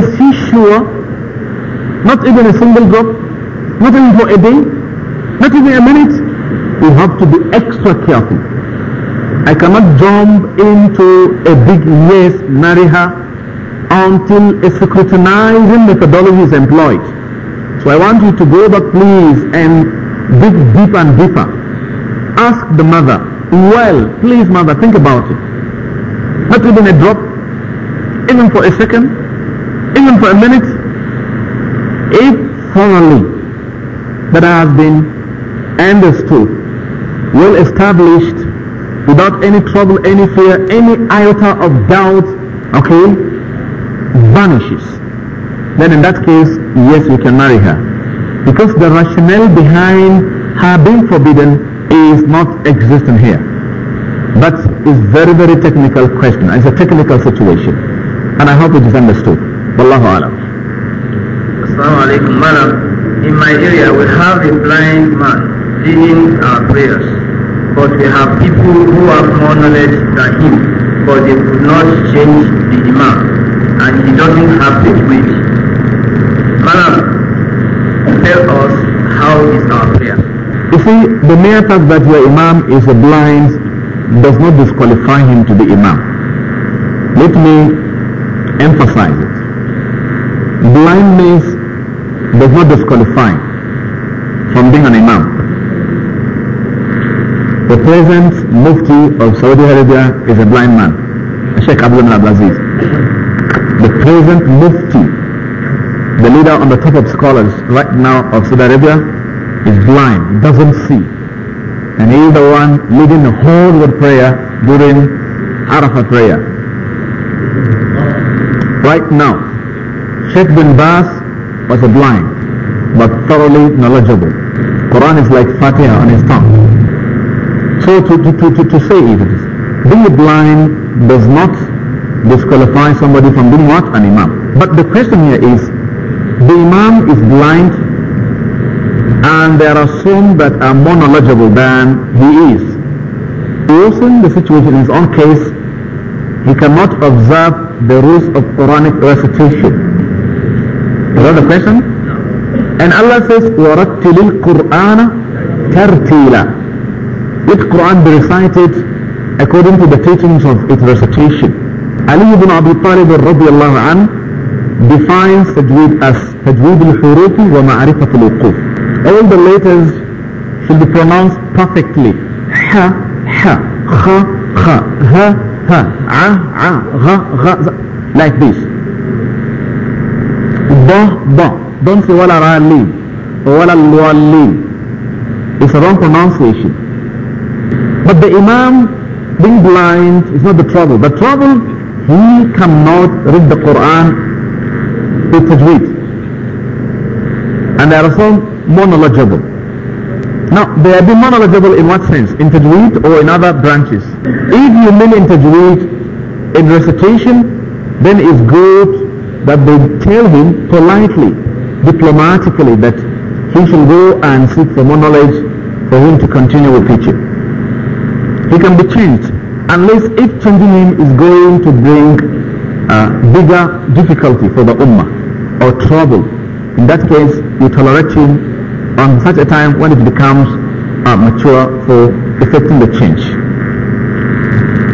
is she sure, not even a single drop, not even for a day, not even a minute, we have to be extra careful. I cannot jump into a big yes, marry her, until a scrutinizing methodology is employed. So I want you to go back please and Dig deeper and deeper. Ask the mother, well, please mother, think about it. Not even a drop, even for a second, even for a minute, if thoroughly that has been understood, well established, without any trouble, any fear, any iota of doubt, okay, vanishes. Then in that case, yes, you can marry her because the rationale behind her being forbidden is not existent here. But it's very, very technical question. It's a technical situation. And I hope it is understood. Wallahu alam. Assalamu alaikum, madam. In my area, we have a blind man leading our prayers. But we have people who have more knowledge than him, but they could not change the imam. And he doesn't have the will. Madam, tell us how is our prayer? You see, the mere fact that your imam is a blind does not disqualify him to be imam. Let me emphasize it. Blindness does not disqualify from being an imam. The present mufti of Saudi Arabia is a blind man, Sheikh Abdul Abdulaziz. The present mufti the leader on the top of scholars right now of Saudi Arabia is blind, doesn't see. And he is the one leading the whole with prayer during Arafah prayer. Right now, Sheikh bin Bas was a blind, but thoroughly knowledgeable. Quran is like Fatiha on his tongue. So to, to, to, to, say it is, being blind does not disqualify somebody from being what? An imam. But the question here is, the Imam is blind and there are some that are more knowledgeable than he is. Worsen the situation in his own case, he cannot observe the rules of Quranic recitation. Is that the question? And Allah says, وَرَتِّلِ الْقُرْآنَ تَرْتِيلًا Let Quran be recited according to the teachings of its recitation. Ali ibn Abi Talib radiallahu anhu defines tajweed as tajweed al-hurufi wa ma'arifat al-uquf. All the letters should be pronounced perfectly. Ha, ha, kha, kha, ha, ha, a, a, gha, gha, like this. Ba, ba. Don't say wala ra'alim or wala It's a wrong pronunciation. But the Imam being blind is not the trouble. The trouble, he cannot read the Quran the And they are so more knowledgeable. Now, they have been knowledgeable in what sense? In tajweed or in other branches? If you mean in tajweed, in recitation, then it's good that they tell him politely, diplomatically, that he should go and seek for more knowledge for him to continue with teaching. He can be changed unless if changing him is going to bring a bigger difficulty for the ummah or trouble, in that case, you tolerate him on such a time when it becomes uh, mature for effecting the change.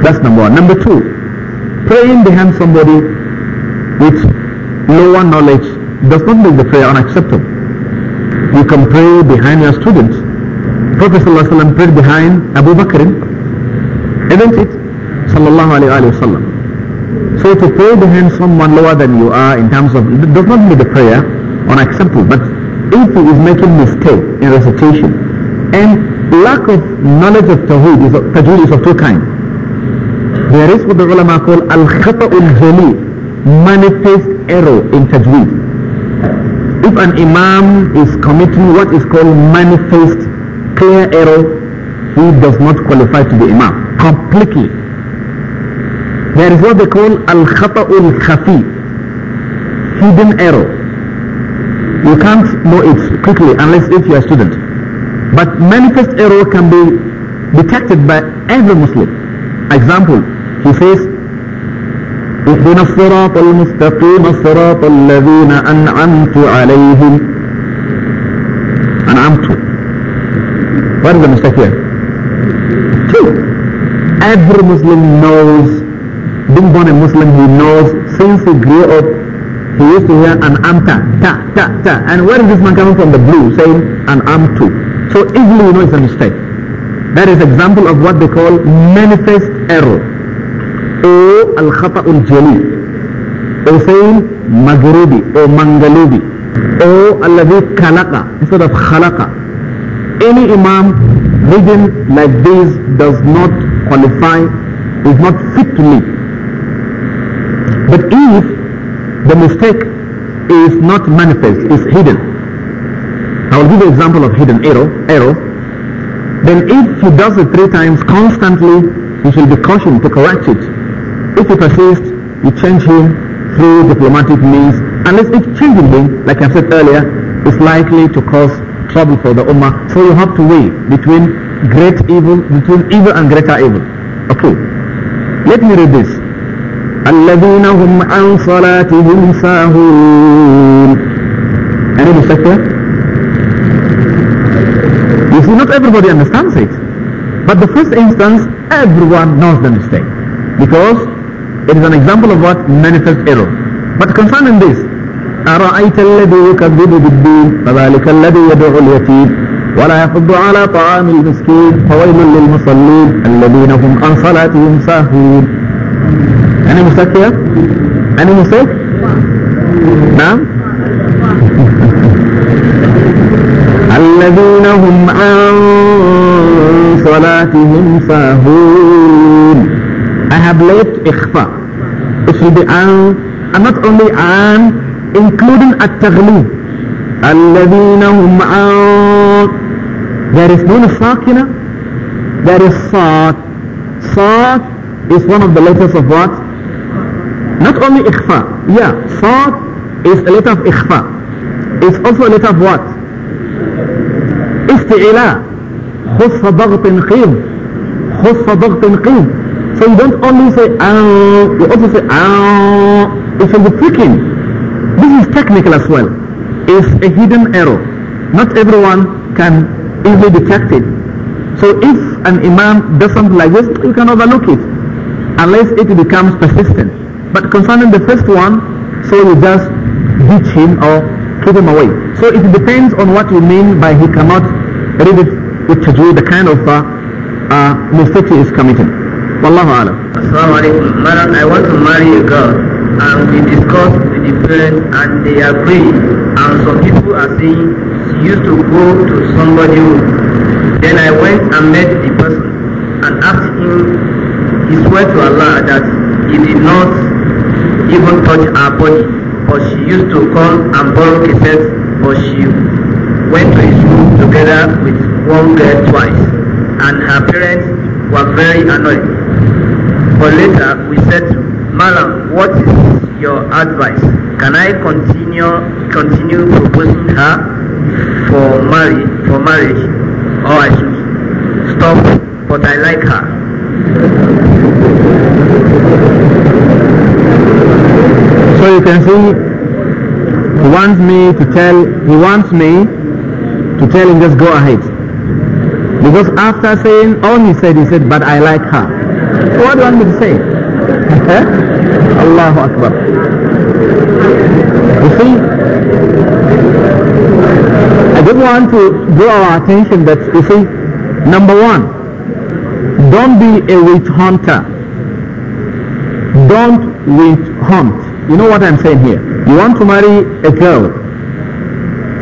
That's number one. Number two, praying behind somebody with lower knowledge does not make the prayer unacceptable. You can pray behind your students. Prophet ﷺ prayed behind Abu Bakr, isn't it? Sallallahu alayhi wa sallam. So to hold the hand someone lower than you are in terms of, it does not mean the prayer on example, But if he is making mistake in recitation and lack of knowledge of tajweed is, tajweed is of two kinds. There is what the ulama call al-khata al-jali, manifest error in tajweed. If an imam is committing what is called manifest clear error, he does not qualify to be imam completely. There is what they call al-khata'ul khafi, hidden error. You can't know it quickly unless if you are a student. But manifest error can be detected by every Muslim. Example, he says, اهدنا الصراط المستقيم الصراط الذين أنعمت عليهم أنعمت What is the mistake here? Two. Every Muslim knows being born a Muslim, he knows since he grew up, he used to hear an amta, ta, ta, ta. And where is this man coming from the blue saying an amtu? So easily you know it's a mistake. That is example of what they call manifest error. Or al-khata'ul jali. Or saying maghribi or mangalubi. Or alladhi kalaka instead of khalaka. Any imam reading like this does not qualify, is not fit to lead. But if the mistake is not manifest, is hidden, I will give you an example of hidden error, error, then if he does it three times constantly, he should be cautioned to correct it. If he persists, you change him through diplomatic means, unless it's changing him, like I said earlier, is likely to cause trouble for the ummah. So you have to weigh between great evil, between evil and greater evil. Okay. Let me read this. الذين هم عن صلاتهم ساهون أنا بسكت You see, not everybody understands it. But the first instance, everyone knows the mistake. Because it is an example of what? Manifest error. But concerning this, أرأيت الذي يكذب بالدين فذلك الذي يدعو اليتيم ولا يحض على طعام المسكين فويل للمصلين الذين هم عن صلاتهم ساهون أنا مسافر أنا مسافر نعم الذين هم عن صلاتهم ساهون I have left إخفاء It should be عن I'm not only عن including التغليب الذين هم عن There is no ساكنة There is صاد صاد is one of the letters of what? Not only ikhfa. Yeah, sad is a letter of ikhfa. It's also a letter of what? Isti'ila. Khuffa ضغط qim. Khuffa ضغط qim. So you don't only say ah, you also say ah. it's a be pricking. This is technical as well. It's a hidden error. Not everyone can easily detect it. So if an imam does something like this, you can overlook it unless it becomes persistent. But concerning the first one, so you just ditch him or keep him away. So it depends on what you mean by he cannot read it with tajweed, the kind of uh, uh, mistake he is committing. Wallahu alam. Assalamu Madam, I want to marry a girl and we discussed with the parents and they agree and some people are saying she used to go to somebody Then I went and met the person and asked him, he swore to Allah that he did not even touch her body, but she used to come and borrow cassettes, but she went to his room together with one girl twice, and her parents were very annoyed. But later we said to Malam, what is your advice? Can I continue continue proposing her for marriage for marriage or I should stop but I like her? you can see he wants me to tell he wants me to tell him just go ahead because after saying all he said he said but I like her so what do you want me to say Allahu Akbar you see I just want to draw our attention that you see number one don't be a witch hunter don't witch hunt you know what I'm saying here. You want to marry a girl.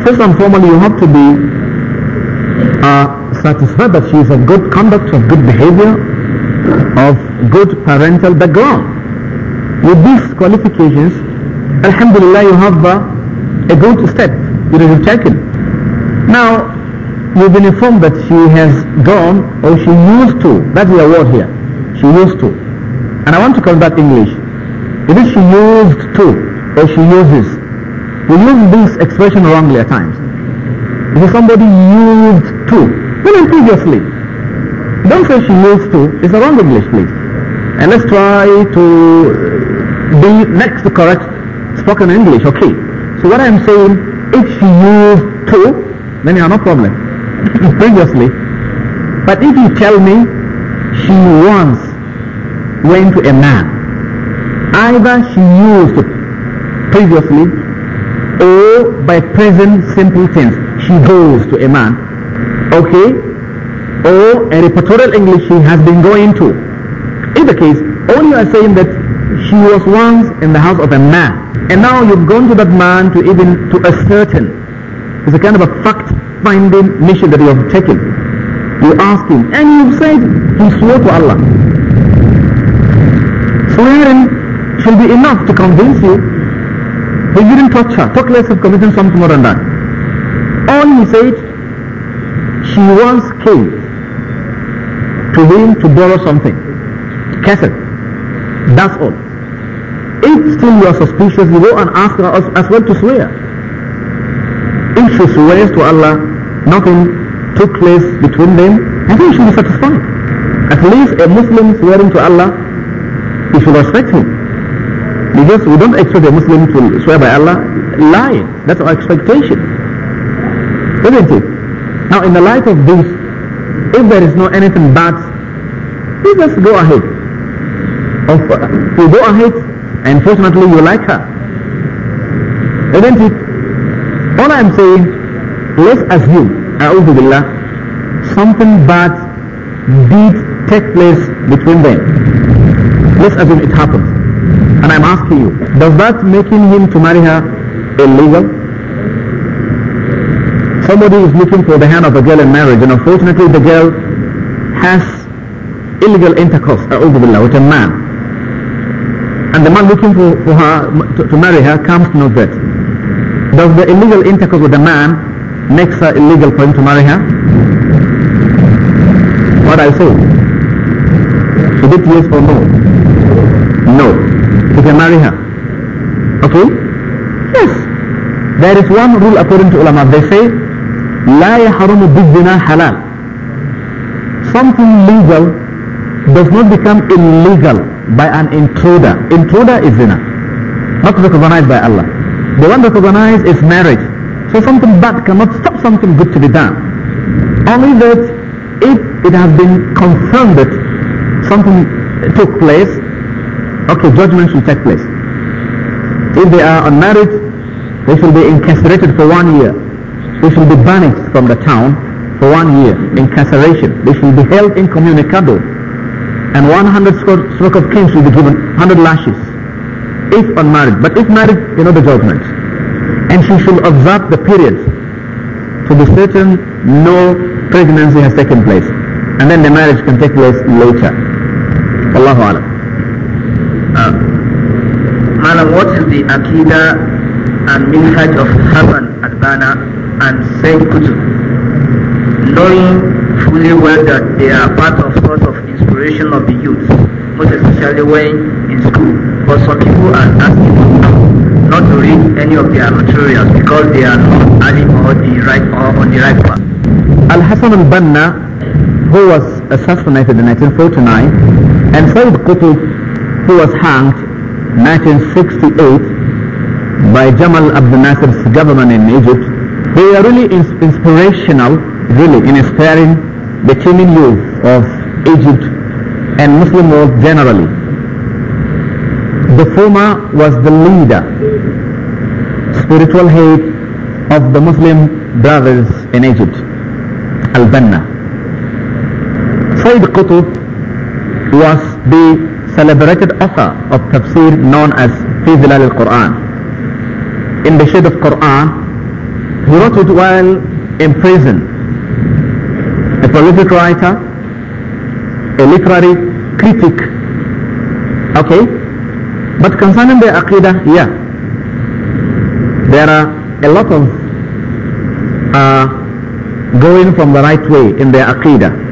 First and foremost, you have to be uh, satisfied that she is of good conduct, of good behavior, of good parental background. With these qualifications, Alhamdulillah, you have uh, a good step. You have taken. Now, you've been informed that she has gone or she used to. That's the word here. She used to. And I want to convert English. It is she used to or she uses. We use this expression wrongly at times. This somebody used to. Even previously. Don't say she used to. It's the wrong English, please. And let's try to uh, be next to correct spoken English, okay? So what I'm saying, if she used to, then you have no problem. previously. But if you tell me she once went to a man either she used previously or by present simple tense she goes to a man okay or a repertorial english she has been going to in the case all you are saying that she was once in the house of a man and now you've gone to that man to even to ascertain it's a kind of a fact finding mission that you have taken you ask him and you've said he swore to allah swearing shall be enough to convince you that you didn't her. Talk less of committing something more than that. All he said, she once came to him to borrow something. Cassette. That's all. If still you are suspicious, you go and ask her as well to swear. If she swears to Allah, nothing took place between them, I think you should be satisfied. At least a Muslim swearing to Allah, you should respect him. Because we don't expect a Muslim to swear by Allah lying. That's our expectation. Isn't it? Now in the light of this, if there is no anything bad, we just go ahead. Of, uh, we go ahead and fortunately you like her. Isn't it? All I'm saying, let's assume, A'udhu Billah, something bad did take place between them. Let's assume it happened. And I'm asking you, does that making him to marry her illegal? Somebody is looking for the hand of a girl in marriage and unfortunately the girl has illegal intercourse uh, billah, with a man. And the man looking for, for her to, to marry her comes to know that. Does the illegal intercourse with the man makes her illegal for him to marry her? What I say? Is it yes or no? No you can marry her. Okay? Yes. There is one rule according to ulama. They say, لا يحرم بالزنا حلال. Something legal does not become illegal by an intruder. Intruder is zina. Not recognized by Allah. The one recognized is marriage. So something bad cannot stop something good to be done. Only that if it has been confirmed that something took place okay, judgment should take place. If they are unmarried, they should be incarcerated for one year. They should be banished from the town for one year, incarceration. They should be held incommunicado. And 100 stroke of cane shall be given, 100 lashes, if unmarried. But if married, you know the judgment. And she should observe the period to be certain no pregnancy has taken place. And then the marriage can take place later. Allahu Alam. Uh, Madam, what is the Akida and Minhaj of and Albana and Said Qutb? Knowing fully well that they are part of source of inspiration of the youth, most especially when in school. But some people are asking not to read any of their materials because they are not adding or the right or on the right path. Al Hassan al Banna, who was assassinated in 1949, and Said Qutb who was hanged 1968 by Jamal Abdel Nasser's government in Egypt, they are really ins inspirational, really, in inspiring the teeming youth of Egypt and Muslim world generally. The former was the leader, spiritual head of the Muslim brothers in Egypt, Al-Banna. Sayyid Qutb was the celebrated author of tafsir known as Fi Zilal al-Quran. In the shade of Quran, he wrote it while in prison. A prolific writer, a literary critic. Okay? But concerning the Aqidah, yeah. There are a lot of uh, going from the right way in their Aqidah.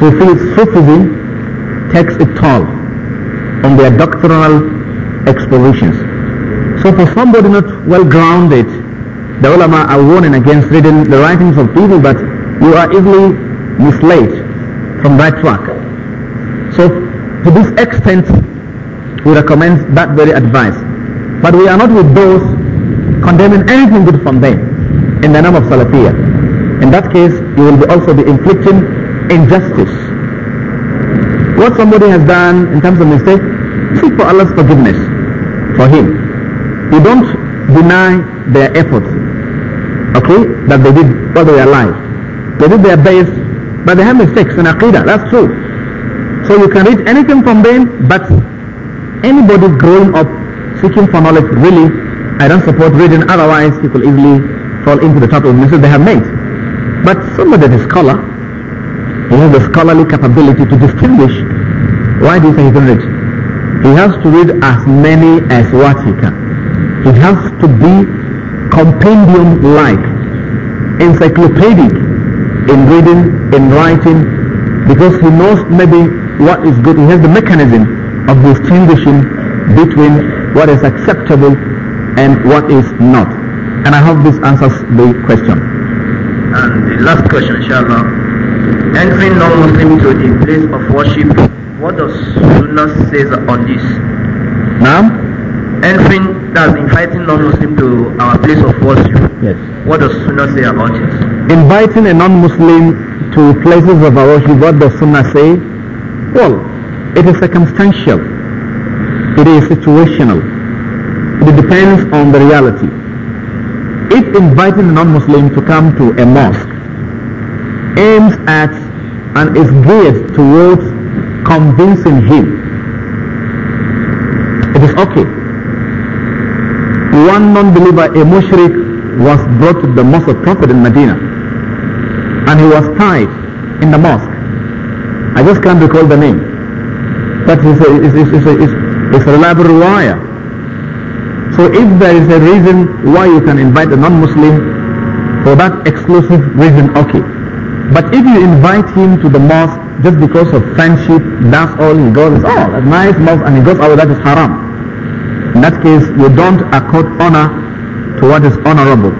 Sufism takes a toll on their doctrinal expositions. So for somebody not well grounded, the ulama are warning against reading the writings of people but you are easily misled from that track. So to this extent, we recommend that very advice. But we are not with those condemning anything good from them in the name of Salafiyah. In that case, you will be also be inflicting injustice what somebody has done in terms of mistake, seek for Allah's forgiveness for him. You don't deny their efforts, okay, that they did while they are alive. They did their best, but they have mistakes in Aqidah, that's true. So you can read anything from them, but anybody growing up seeking for knowledge, really, I don't support reading, otherwise people easily fall into the trap of mistakes they have made. But somebody that is scholar, he has the scholarly capability to distinguish why do you think he's He has to read as many as what he can. He has to be compendium-like, encyclopedic in reading, in writing, because he knows maybe what is good. He has the mechanism of distinguishing between what is acceptable and what is not. And I hope this answers the question. And the last question, inshallah. Entering non-Muslim to the place of worship what does Sunnah says on this? Now? Anything that's inviting non-Muslim to our place of worship. Yes. What does Sunnah say about it? Inviting a non-Muslim to places of worship, what does Sunnah say? Well, it is circumstantial. It is situational. It depends on the reality. If inviting a non-Muslim to come to a mosque aims at and is geared towards convincing him. It is okay. One non-believer, a mushrik, was brought to the mosque of Prophet in Medina. And he was tied in the mosque. I just can't recall the name. But it's a, it's, it's, it's, it's a reliable wire. So if there is a reason why you can invite a non-Muslim, for that exclusive reason, okay. But if you invite him to the mosque just because of friendship, that's all he goes, Oh, all, a nice mouth and he goes out. that is haram. In that case, you don't accord honor to what is honorable.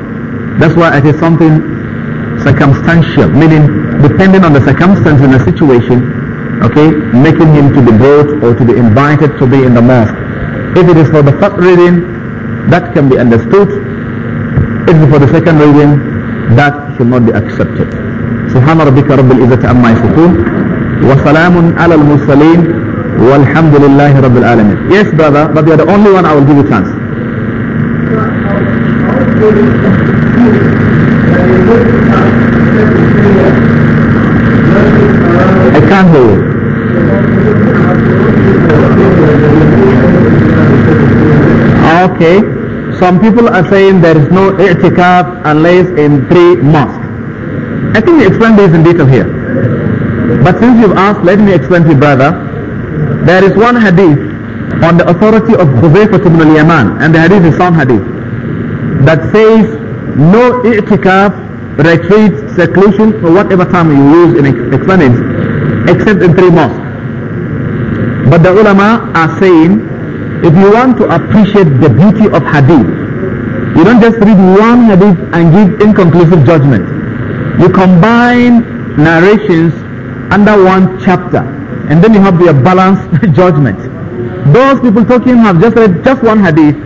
That's why it is something circumstantial, meaning depending on the circumstance and the situation, okay, making him to be brought or to be invited to be in the mosque. If it is for the first reading, that can be understood. If it is for the second reading, that should not be accepted. سبحان ربك رب العزة عما يصفون وسلام على المرسلين والحمد لله رب العالمين yes brother but you are the only one I will give you chance I can't hear you okay some people are saying there is no i'tikaf unless in three mosques I think we explain this in detail here But since you've asked, let me explain to you, brother. There is one hadith on the authority of Khuzayfah ibn al-Yaman, and the hadith is sound hadith, that says no i'tikaf, retreat, seclusion, or whatever term you use in explaining, except in three mosques. But the ulama are saying, if you want to appreciate the beauty of hadith, you don't just read one hadith and give inconclusive judgment. You combine narrations under one chapter. And then you have their balanced judgment. Those people talking have just read just one hadith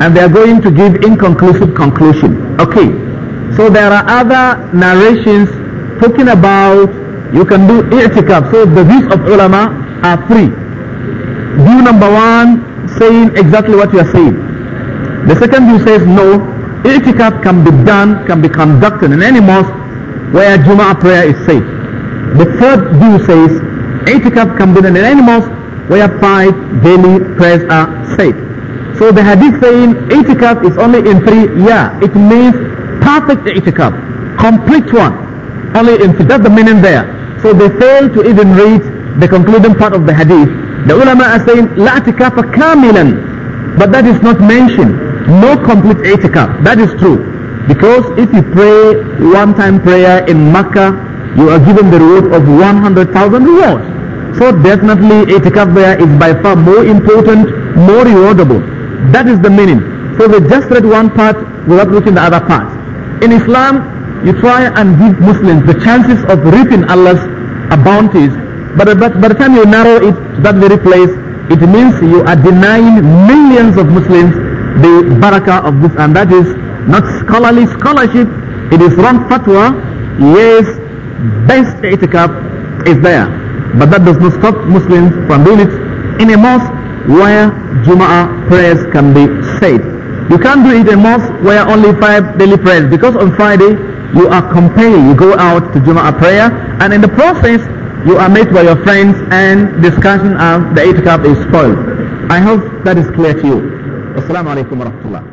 and they are going to give inconclusive conclusion. Okay. So there are other narrations talking about you can do i'tikaf. So the views of ulama are three. View number one, saying exactly what you are saying. The second view says no, i'tikaf can be done, can be conducted in any mosque where Jum'ah prayer is safe. The third view says, itikaf can be done in any mosque where five daily prayers are said. So the hadith saying itikaf is only in three, yeah, it means perfect itikaf, complete one, only in three. That's the meaning there. So they fail to even read the concluding part of the hadith. The ulama are saying, la itikafa kamilan, but that is not mentioned. No complete itikaf. That is true. Because if you pray one time prayer in Makkah, you are given the reward of 100,000 rewards. So definitely itikaf is by far more important, more rewardable. That is the meaning. So they just read one part without looking the other part. In Islam, you try and give Muslims the chances of reaping Allah's bounties, but by the time you narrow it to that very place, it means you are denying millions of Muslims the barakah of this, and that is not scholarly scholarship. It is wrong fatwa. Yes, best itikaf is there. But that does not stop Muslims from doing it in a mosque where Jum'ah prayers can be said. You can't do it in a mosque where only five daily prayers because on Friday you are compelled, you go out to Jum'ah prayer and in the process you are met by your friends and discussion of the itikaf is spoiled. I hope that is clear to you. Assalamu alaikum